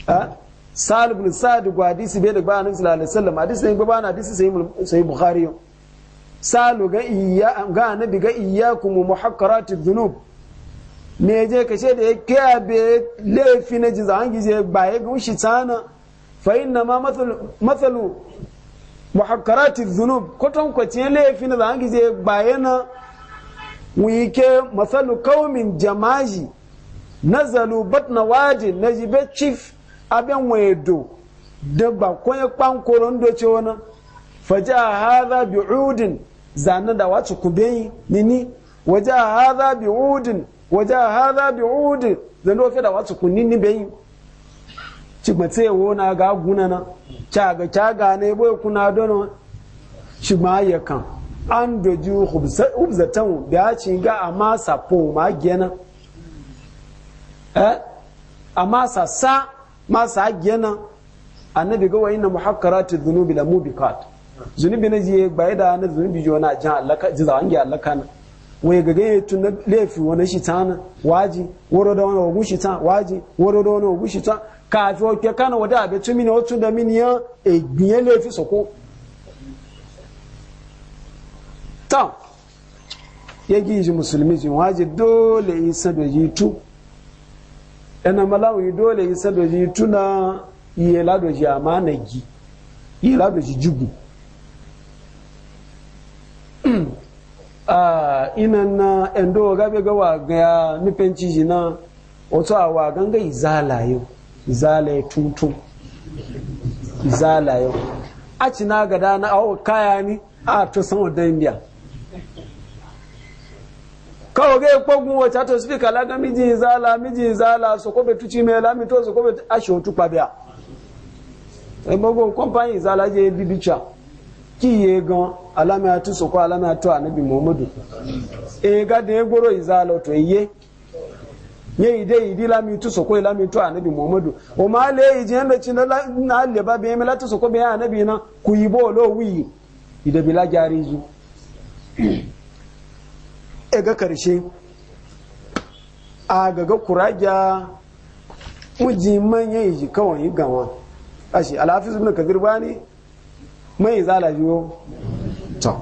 Speaker 1: lakana. sa'ad ibn sa'ad ko hadisi bai da ba annabi sallallahu alaihi wasallam hadisi ne ba na hadisi sai sai bukhari salu ga iya ga annabi ga iyyakum muhaqqarati dhunub ne je kashe da yake abe laifi na jiza an gije ba ya ga shi tsana fa inna ma mathalu mathalu muhaqqarati dhunub koton kwace laifi na an gije ba yana wike mathalu qaumin jamaji nazalu batna wajin najibe chief abin wedo dabba ko ya kwankoro ndo ce wani faja bi udin zanen da wace kubeyi nini waja hadha bi'udin waja bi udin zan ke da wace nini beyi ci mace wona ga guna na caga caga ne boye kuna dono shi ma ya kan an doji hubzatan da ci ga amma sapo ma gena eh amma sa ma sa gena annabi ga wa inna muhakkarati dhunubi la mubiqat zunubi na je bai da na zunubi jo na jan Allah ji za wange Allah na wai ga gaye tun na lefi wani shi na waji woro da wani ogun shi ta waji woro da wani ogun shi ta kafi oke kana wada abe tun mini otu da mini ya egbiye lefi soko ta yagi ji musulmi ji waji dole isa da jitu ena malawi dole yi sadoji tuna yi ladoji amanagi yi ladoji jugu a ah, inan na endo gabe ga wagaya nufin ciji na wato a wagan ga izalayo izalaye tutu izalayo a cina gada na awo kaya ni a to san wadda indiya kawo ga kogun wacce to speaker la miji zala miji zala so ko betu chi mela mi to so ko betu asho tu pabia e bogo company je bibicha ki ye gan alama atu so ko alama atu anabi muhammadu e ga de gboro izala to ye ye ide idi la mi tu so ko ila mi anabi muhammadu o ma le ije nbe chi na leba le ba tu soko ko be anabi na ku yibo yi wi ide bi la jari ga karshe a gaga kuragiya uji manyan yi kawai yi gama a shi alhafiz ibn kabir ba ne manyan zala biyo to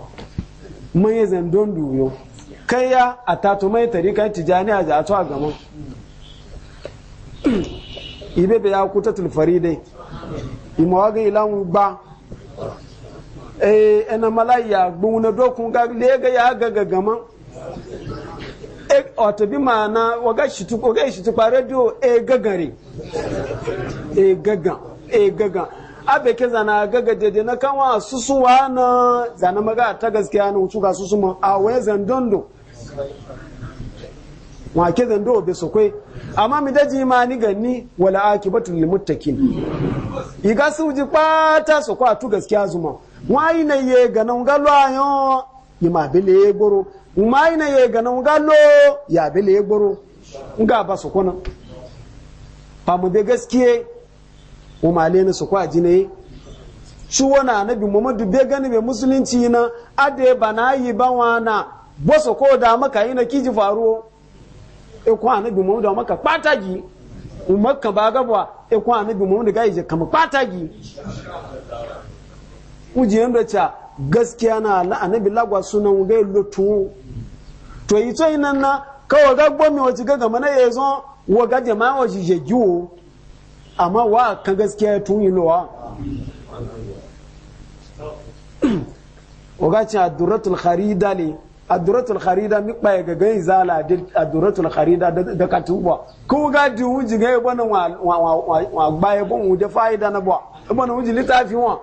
Speaker 1: manyan zandon duyo kai ya a tato mai tarika tijani a jato a gama ibe da ya kuta tulfari dai ga ilan ba e ena malaya gbuna dokun ga lega ya gaga gama Eh, wato bi ma'ana waga shi tukwa radio e eh, gagare e eh, gagan e gagan abe ke zana gaga dede na wa susuwa na zana maga ta gaskiya na ka ga ma, a waye zandondo ma ke zando be su amma mi daji ma ni gani? wala akibatu lil muttaqin iga ji kwata su kwa tu gaskiya zuma wai na ye ganan galo ayo yima bele goro umma na ye gana nga lo ya bele ye gboro nga ba na. Fa famu be gaskiye umma le na su kwa jine shi wani anabi muhammadu be gani mai musulunci na ade ba na yi ba na boso ko da maka yi na kiji faruwa e ikon anabi muhammadu maka patagi umar ka ba gaba ikon e anabi muhammadu ga ije kama patagi ujiyan da ca gaskiya na annabi lagwa sunan gai lotu to yi tsoyi nan na kawai ga gbomi wace ga gama na yazo wa ga jama'a wace je giwo amma wa kan gaskiya tun yi lowa waga cin aduratul kharida ne aduratul kharida mi kpaye ga gani zala aduratul kharida da ka ko ga di wuji ga yabo na wa gbaye bon wuje fa'ida na bo yabo wuji littafi wa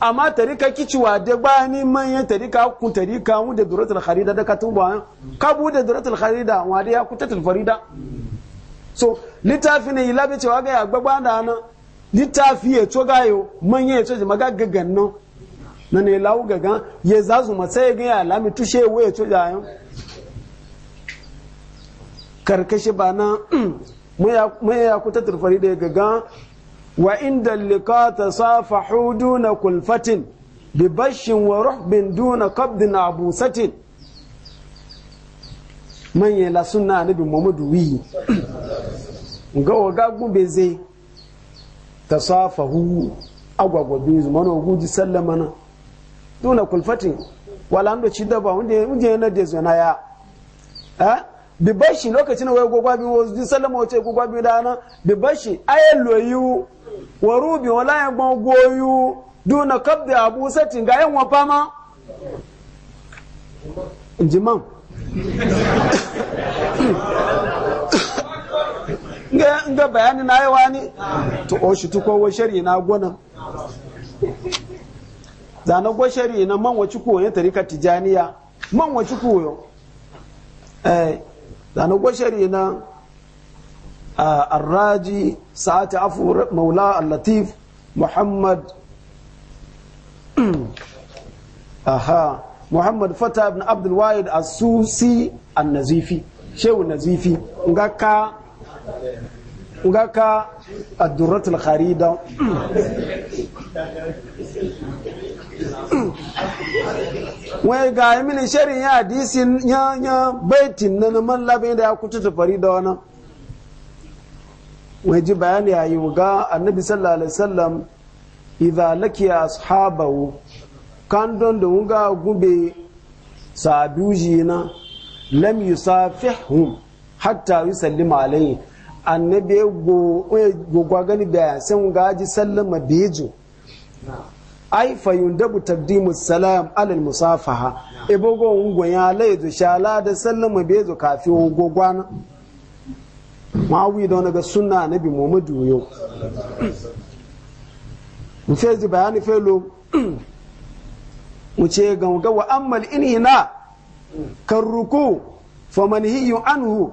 Speaker 1: amma tarika kiciwa da bani manyan tarika ku tarika mu da duratul kharida da katun ba ka bu da duratul kharida wa da ya kutatul farida so litafi ne ilabe cewa ga ya gbagba da na litafi ya to gayo manyan ya to ji maga gagan no na ne lawo gagan ya zazu masai ga ya lami tushe wa ya to yan. karkashi ba na mu ya kutatul farida gagan وعند اللقاء تصافحوا دون كلفة ببش ورحب دون قبض عبوسة من يلا سنة نبي محمد وي nga oga gube zai ta safa hu agwagwabi mana guji sallama na duna kulfatin wala ando ci daba wanda yana da zana bi bashi lokacin wai gogwa bi wo di sallama wace gogwa bi dana bi bashi aye loyu wa rubi wala yan gbon goyu duna kabdi abu satin ga yan wafa ma jiman nga nga bayani na yi wani to o shi tuko wa shari na gona zana gwa shari na man wace koyon tarika tijaniya man wace koyon eh zana gwashari na arraji sa'ati afu maula al-latif muhammad aha muhammad fata ibn abdul wahid as-susi an-nazifi shehu nazifi ngaka ngaka ad-durratul kharida wai ga mini sharin ya hadisi ya ya baitin na naman labin da ya kutu ta fari da wani wai ji bayani ya yi ga annabi sallallahu alaihi wasallam idza lakiya ashabahu kan don da wuga gube sabuji na lam yusafihu hatta yusallima alaihi annabi go go gani da san wuga ji sallama bejo ai fa yundabu taqdimu salam ala musafaha ibogo ungon ya laizu shala da sallama bezo kafi gogwana mawi da na ga sunna nabi muhammadu yo mu fezi bayani felo mu ce ga wa ammal inhina kan ruku fa manhiyun anhu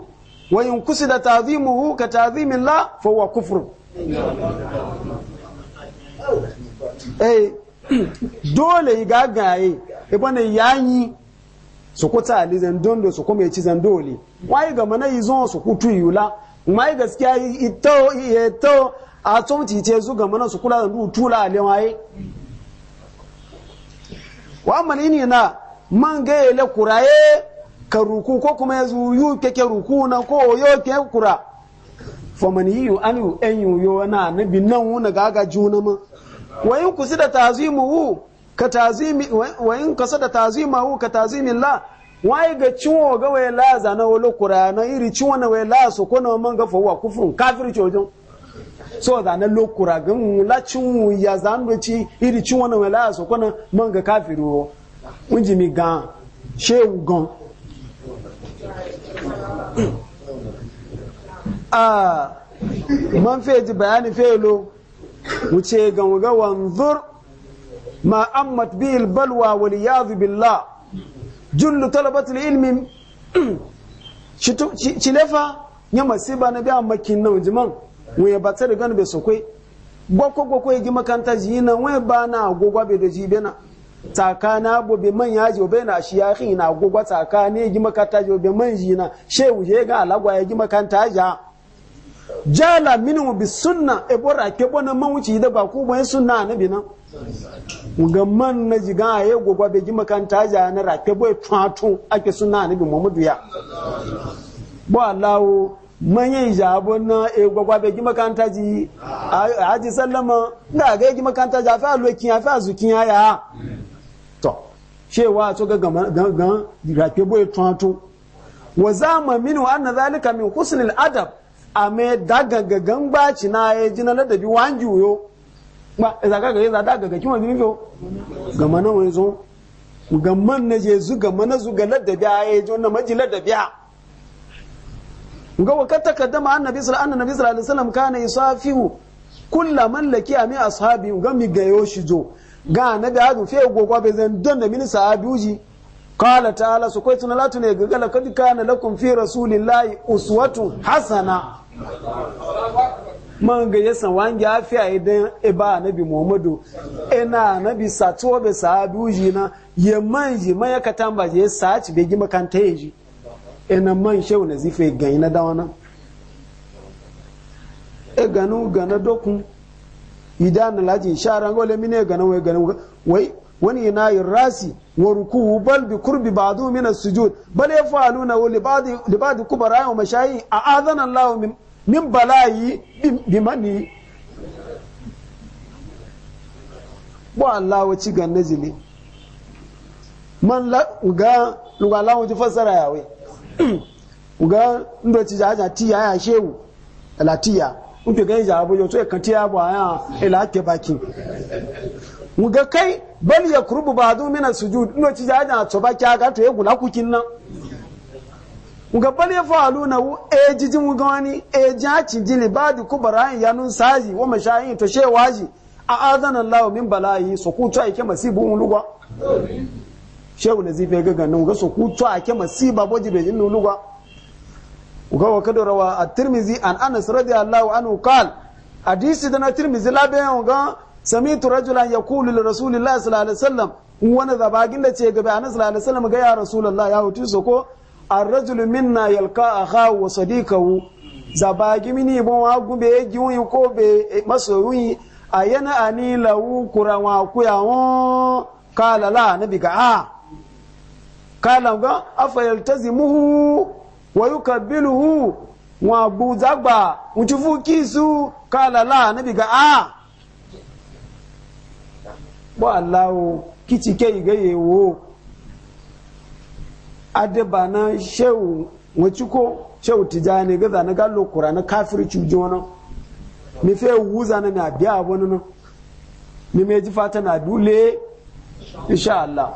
Speaker 1: wa yunkusu da tazimuhu ka tazimin la fa wa kufur. eh dole gagaye gaye ibana yanyi su ku tsali zandondo su kuma ya ci zandole wai ga mana yi zon su kutu yula mai gaskiya ito ito e a tsomci cice su ga mana su kula zandu tula ale waye wa amma ni na man ga yele kuraye ka ruku ko kuma yanzu yu keke ruku na ko yo ke kura yi yu anu enyu yo na nabi nan wuna gaga juna ma wa in kusida tazimuhu ka tazimi wa in kasada tazimahu ka tazimillah ga ciwo ga wai la zana wala qur'ana iri ciwo na wai la so kono man ga fa wa kufrun kafir jojo so zana lokura ga mu la ciwo ya zan ci iri ciwo na wai la so kono man ga kafiru mun ji mi gan shehu gan ah, bayani felo wuce ganga wanzur ma ammat bihi Jun wal iyad billah jullu ci alilmi chilefa nyama masiba na biya makin na jiman mun ya batar gan be sokoi gwakwa gwakwa ya gima makanta ji na wai ba na agogwa be da ji bena tsakana bo be man yaji be na shi ya khi na agogwa tsakani ya gima makanta ji be man ji na shehu je ga alagwa ya gi makanta ja jala minu bi sunna e bora ke bona man wuci da ba ku bayan sunna bi na ga man na jiga aye gogwa be ji makanta ja na rake boy fatu ake sunna bi Muhammadu ya bo alawo manye yi bo na e gogwa be ji makanta ji haji sallama na ga ji makanta ja fa lokin ya fa zukin ya ya to cewa to ga ga ga rake boy fatu wa zama minu anna zalika min husnil adab ame dagagagan gbaci na ya ji na ladabi wan juyo ba za ka gaya za da gaga kima jini fiyo gama na wani zo gama na je zu gama na zu ga ladabi a ya ji wannan maji ladabi a ga wakar takaddama annabi sallallahu annabi sallallahu alaihi wasallam kana yusafihu kulla mallaki mai ashabi ga mi gayo shi zo ga da hadu fiye gogwa bai zan don da mini sahabi uji su kwaitu na لا تني قال قد كان لكم fi رسول الله uswatu hasana. man ga yasan wangi afiya idan iba e nabi muhammadu ina e nabi satuwa be sahabi uji na ya man ji man ya katan ba je saci be gi makanta ta ji ina e man shehu na zife gani na dawana e ganu gana dokun idan na laji sharan gole mine gana we ganu wai wani ina yin rasi wa rukuhu bal bi kurbi ba'du min as-sujud bal yaf'aluna wa li ba'di li ba'di kubara wa mashayi a'adana Allahu min min bala'i bi mani bo Allah wace ga nazili man la ga luga Allah wace fasara yawe ga ndo ci ja ja ti ya shewu ti latiya unto ga ja bo yo to e kan ti ya bo aya e la ke baki mu ga kai bal yakrubu ba'du min as-sujud ndo ci ja ja to baki ga to e gula kukin nan nga bal yafalunahu e jiji mu gani e jaci jini badi ya nun saji wa mashayin to waji a azana Allah min balayi so ku ta yake masibu mun lugwa shehu na zife gaga nan ga so ku ta yake masiba boji be jin lugwa uga wa kada rawa at-tirmizi an anas radiyallahu anhu qal hadisi da na tirmizi labe ga samitu rajulan yaqulu li rasulillahi sallallahu alaihi wasallam wani zabagin da ce gaba anas sallallahu alaihi wasallam ga ya rasulullah ya hutu so ko arrajulu minna yalka aha wa sadiqahu zabagi mini wa gube ji wi ko be masoyi ayana ani lawu kurawa ku ya won kala la nabi ga a kala ga afa yaltazimuhu wa yukabbiluhu wa buzagba uchufu kisu kala la nabi ga a bo allahu kichike igaye wo adaba na shehu wacce ko shehu tijani gaza na gallo kura na kafirci jona mi fe wuza na na biya wani nan mi mai ji fata na dule insha Allah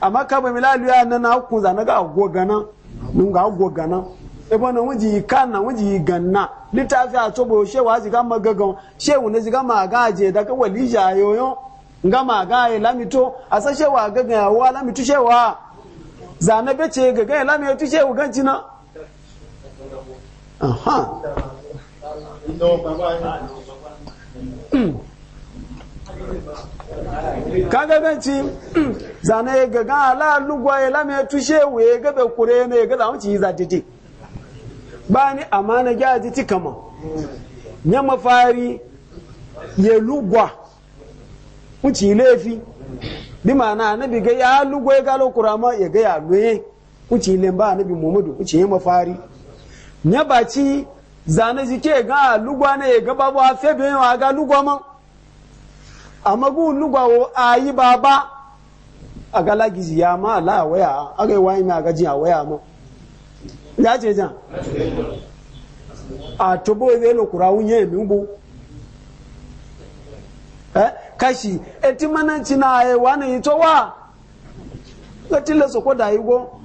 Speaker 1: amma ka ba milalu ya na na ku zane na ga gogana mun ga gogana e bona wuji kana wuji ganna litafi a tobo shehu aji ga magagan shehu ne ji ga magaje daga walija yoyo nga magaye lamito asa shewa ga wa lamito shewa. zane be ce ga gaya lamai tu ce ugan na? aha kaga ganci zane ga ga ala lugwa ya lamai tu ce we ga be kure ne ga zamu ci za titi ba ni amana gya ga titi kama nya mafari ya lugwa mu ci lefi bi ma'ana annabi ga ya lugwai galo kurama ya ga ya loye kuci lemba annabi muhammadu kuci ya mafari nya baci zane jike ga lugwa ne ya ga babu afe bin wa ga lugwa man amma gu lugwa wo ayi baba a lagizi ya ma la waya a ga wani ma ga ji a waya ma ya ce jan a tobo zai lo kurawun ya mi gbo eh kashi eti mananci na aye wani ito wa lati la soko da igo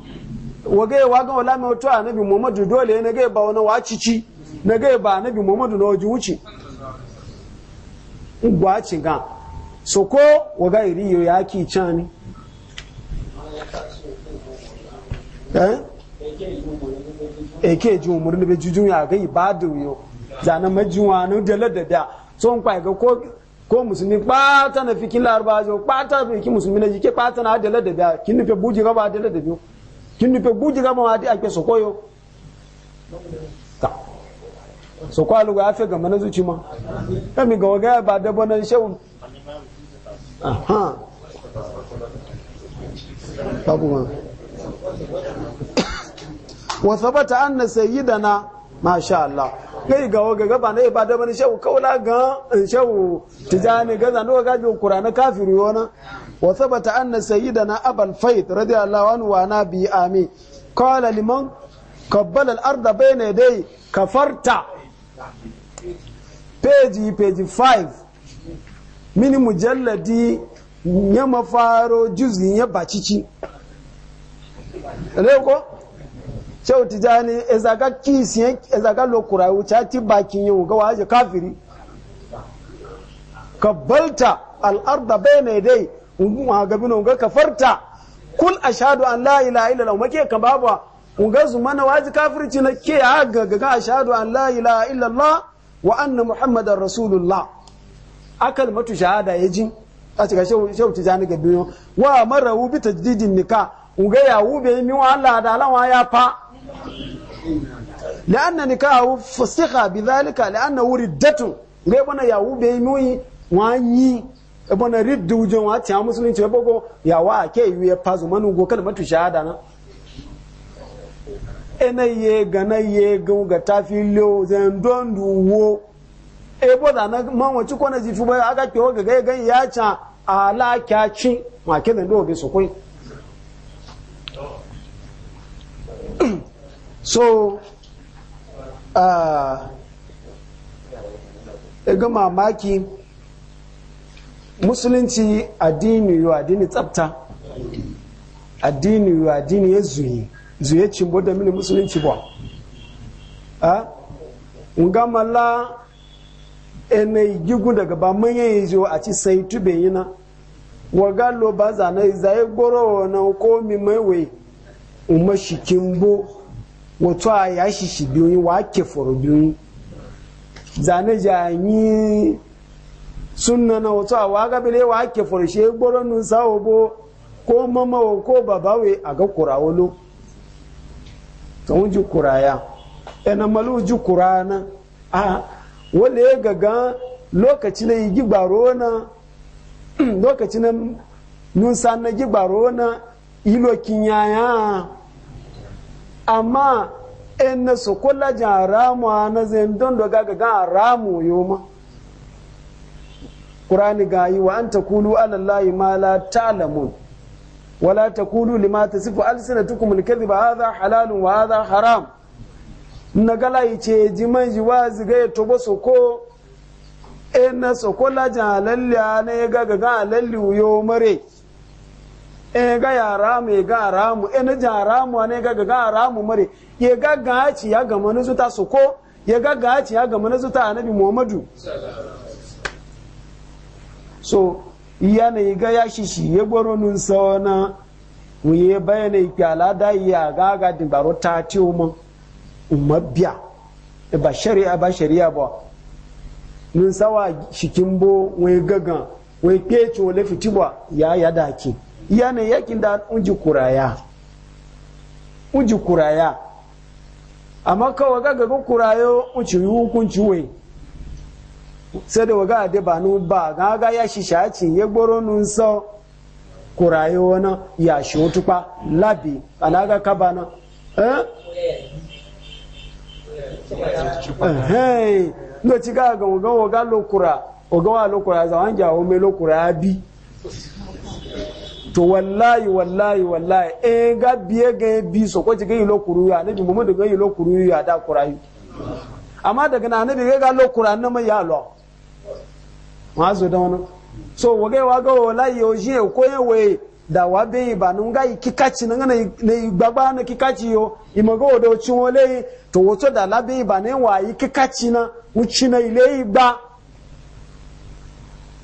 Speaker 1: wage wa ga wala mai to annabi muhammadu dole ne ga ba wani wacici na ga ba annabi muhammadu na waji wuci ugwa cinga soko waga iri yo yaki chani eh eke ji umurni be jujun ya ga ibadu yo zanan majuwa no dele da da so n kwa ga ko ko musulmi kpata na fikin laraba zo kpata na fikin musulmi na jike kpata na adala da biya kin nufe buji gaba adala da biyu kin nufe buji gaba ma adi ake sokoyo ta so ko alugo afe ga mana zuci ma kami ga waga ba da na shawun aha babu ma wa sayi anna sayyidana masha Allah gai ga gaga gaba na ba da mani shehu kaula ga eh, shehu tijani ga zanu ga jo qur'ana kafiru yona wa sabata anna sayyidana abal faith radiyallahu anhu wa na bi ami qala liman qabbala al-ardha bayna yaday kafarta page page 5 mini mujalladi ya mafaro juzi ya bacici ko shehu tijani ezaga kisiyen ezaga lokura wuce ti bakin yi. ga waje kafiri kabbalta al'arda bayna dai wa gabin farta kafarta a shaɗu an layi ilaha illallah make babuwa babu ga na waje kafirci na ke ya ga a shaɗu an layi ilaha illallah wa anna muhammadar rasulullah akal matu shahada ji a cika ta tijani ga biyo wa wubi bi jidin nika ga ya wube yi miwa Allah da alawa ya fa لأن نكاه فسخ بذلك لأنه وردته ngai bana ya واني muyi رد bana riddu je wa ta musulunci ba go ya wa ke yuye pazu manu go kalmatu shahada na ena ye gana ye go ga tafilo zan don e bo da na man wa na ba aka ke ga ga ya cha ala kya chi ma ke zan do be sokoi so uh, ga mamaki musulunci addini yiwu addini tsabta addini yiwu addini ya zuyi zuye cimbo da mini musulunci ba a ngamala ene gigu daga ba manye yi zo a ci sai tube waga lo ba zane zai goro na komi mai wai umar shikin bo wato a ya shishi biyu wa ke foro biyu zane jami sunna na wato a waga bile wa ke foro shi gboro nun sawo bo ko mama wo ko baba we a ga kura wolo to mun ji kuraya ena malu ji na a wale gaga lokaci na yi gbaro na lokaci na nun san na gbaro na ilo kinyaya amma in na su kula jan ramu na zai don da gaga ga ramu yoma ƙurani ga yi wa an takulu kulu alallahi ma la ta'lamun wala takulu lima tasifu alsinatukum alkadhiba hadha halalun wa hadha haram na gala yi ce ji man ji wa ziga ya tobo soko in na soko kula jan lalle ne gaga ga lalle e ga ya ramu e ga ramu e na ja ramu ne ga ga ramu mare ye ga ga ci ya ga manu zuta su ko ye ga ga ci ya ga manu zuta annabi muhammadu so iya ne ga ya shishi ye gwaro nun mu ye bayana yi kyala da ya ga ga din baro ta ti umma umma e ba shari'a ba shari'a ba nun sawa shikin bo we gaga we pecho le fitiba ya ya da ki yana yakin da unji kuraya unji kuraya amma kawai ga gagun kurayo unci hukunci we sai da waga da ba nu ba ga ga ya shi shaci ya gboro nun so kurayo wana ya shi otupa labi alaga kabana eh eh ndo ci ga ga waga waga lokura waga wa lokura za wanja o me lokura abi to wallahi wallahi wallahi e ga biye ga bi so ko jiga yilo kuru ya nabi muhammadu ga yilo kuru ya da kurai amma daga na nabi ga lo kuru na ya lo ma zo da wani so wage waga wallahi o je ko yewe da wa be ba nun ga kikachi nan na ne gbagba na kikachi yo imago odo chi wole to woto da labe ba ne wa yi na uchi na ile igba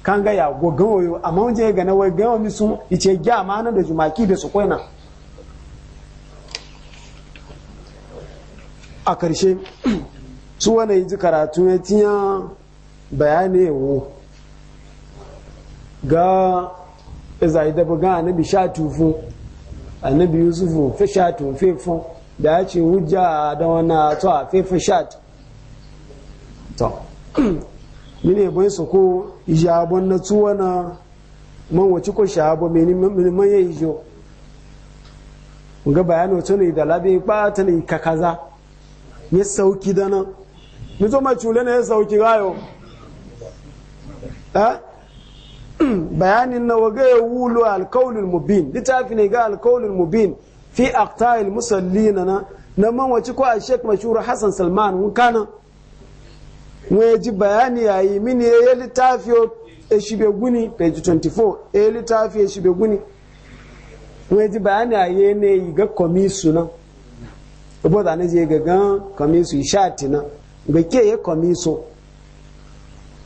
Speaker 1: kanga ya gogon gawo amma wajen ga na wajen gawo sun ice gya ma da jumaki da su kwaina a karshe su wani yi ji karatu ya tiya bayani yawo ga yi dabu ga annabi sha tufu anabi yusufu fi sha tufe fun da ya ce wujja da wani to a fi sha mine bai su ko ijabon na tsuwa na man wace ko shabo mai man ya ijo ga bayani wato ne da labe ba ta ne ka kaza ya sauki da nan mito ma cule na ya sauki gayo eh? bayanin na waga ya wulo alkaunin mubin littafi ne ga alkaunin mubin fi aktayil musallina na na man wace ko a sheik mashura hassan salman hun kanan wọ́n ji bayani yayi mini ya littafi eshibe guni page 24 ya littafi eshibe guni wọ́n ji bayani yayi ne yi ga komisu nan ibo da ne je ga gan komisu ishati nan ga ke ya komisu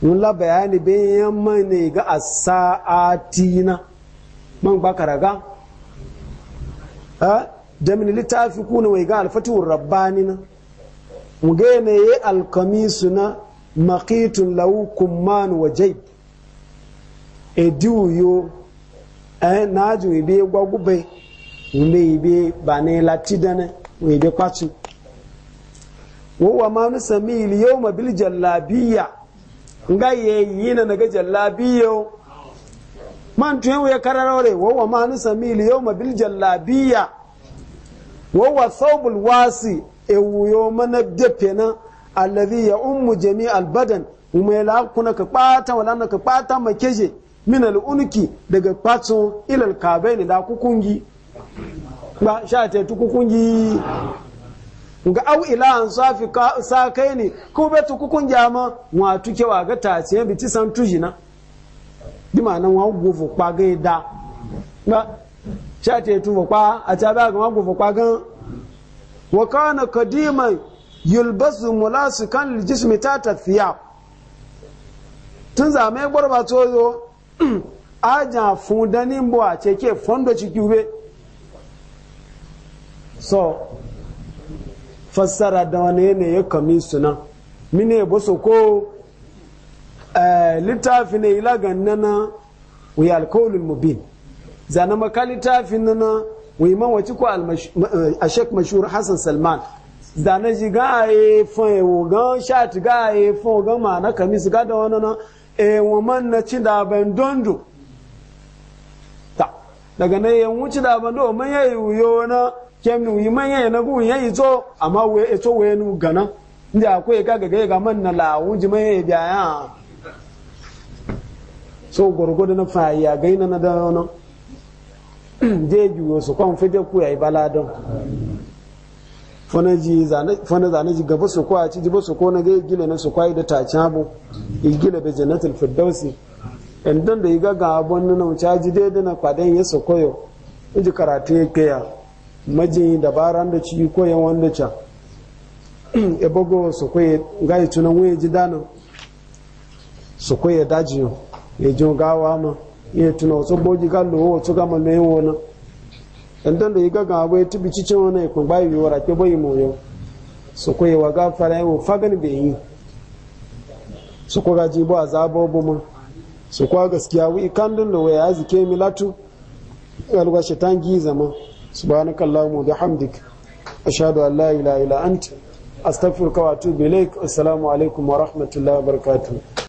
Speaker 1: la bayani bayan man ne ga asa'ati na man ba karaga ha da min littafi kuna wai ga alfatihur rabbani na mu ga ne yi alkamisu na maqitun lahu kumman wa jaib ediu yo eh naju ibe gwagube mbe ibe bane latidane ibe kwatu wo wa ma nusami al yawma bil jallabiyya ngaye yina naga jallabiyo man tuyewu ya kararore wo wa ma nusami al yawma bil jallabiya wa wa thawbul wasi ewuyo mana depena alladhi ya'ummu jami'al badan ya kuna ka kpata wala ka kpata makeje min unki daga patso al kabaini da kukungi ba sha ta tukukungi ga au ila an safi sa kai ne ko be tukukungi ama wa tuke wa ga ta ce bi ti san tujina di ma nan wa gofo pa ga da ba sha ta tu pa a ta ba ga wa gofo pa gan wa kana kadiman yulbasu kan jismi ta tafiya tun zame gwarba tozo aja fundanin bo a ceke fondo ciki ube so fassara da wani eh, ne ya kami suna mine bo so ko littafi ne ilagan nana wuyi alkawulin mubin zana maka littafin nana wuyi mawaci ko a eh, shek mashur hassan salman zane shi ga aye fun ewo gan shati ga aye fun gan ma na kamis ga da wani na ewo man na ci da ban dondo ta daga na yin wuci da ban dondo man yayi wuyo na kemnu yi man yayi na gun yayi to amma we eto we nu gana inda akwai ga ga ga man na lawu ji man yayi biya ya so gorgodo na fa ya gaina na da wani je juyo su kwan fite ku yayi don. fana ji zane ji gaba su kwa ci jiba su ko na gai gile na su kwayi da ta cabu yi gila da jannatul firdausi in dan da yi ga ga abon na wuce ji daidai na kwadan ya su koyo in ji karatu ya keya majin dabara da ci koya wanda ca e bago su koye gai tunan wuya ji dano su koye daji yo ya ji gawa ma iya tuna wasu bogi gallo wasu gama mai wani tandan da yiga ga bai tubi cice wani kun bayi yi wara ke bayi mu yau su koyi wa gafara wa fagan bai yi su ko gaji bo a bo mu su kuwa gaskiya wi kandun da waya azike milatu alwa shaitan gi zama subhanakallahumma bihamdik ashhadu an la ilaha illa anta astaghfiruka wa atubu ilaik assalamu alaikum wa rahmatullahi wa barakatuh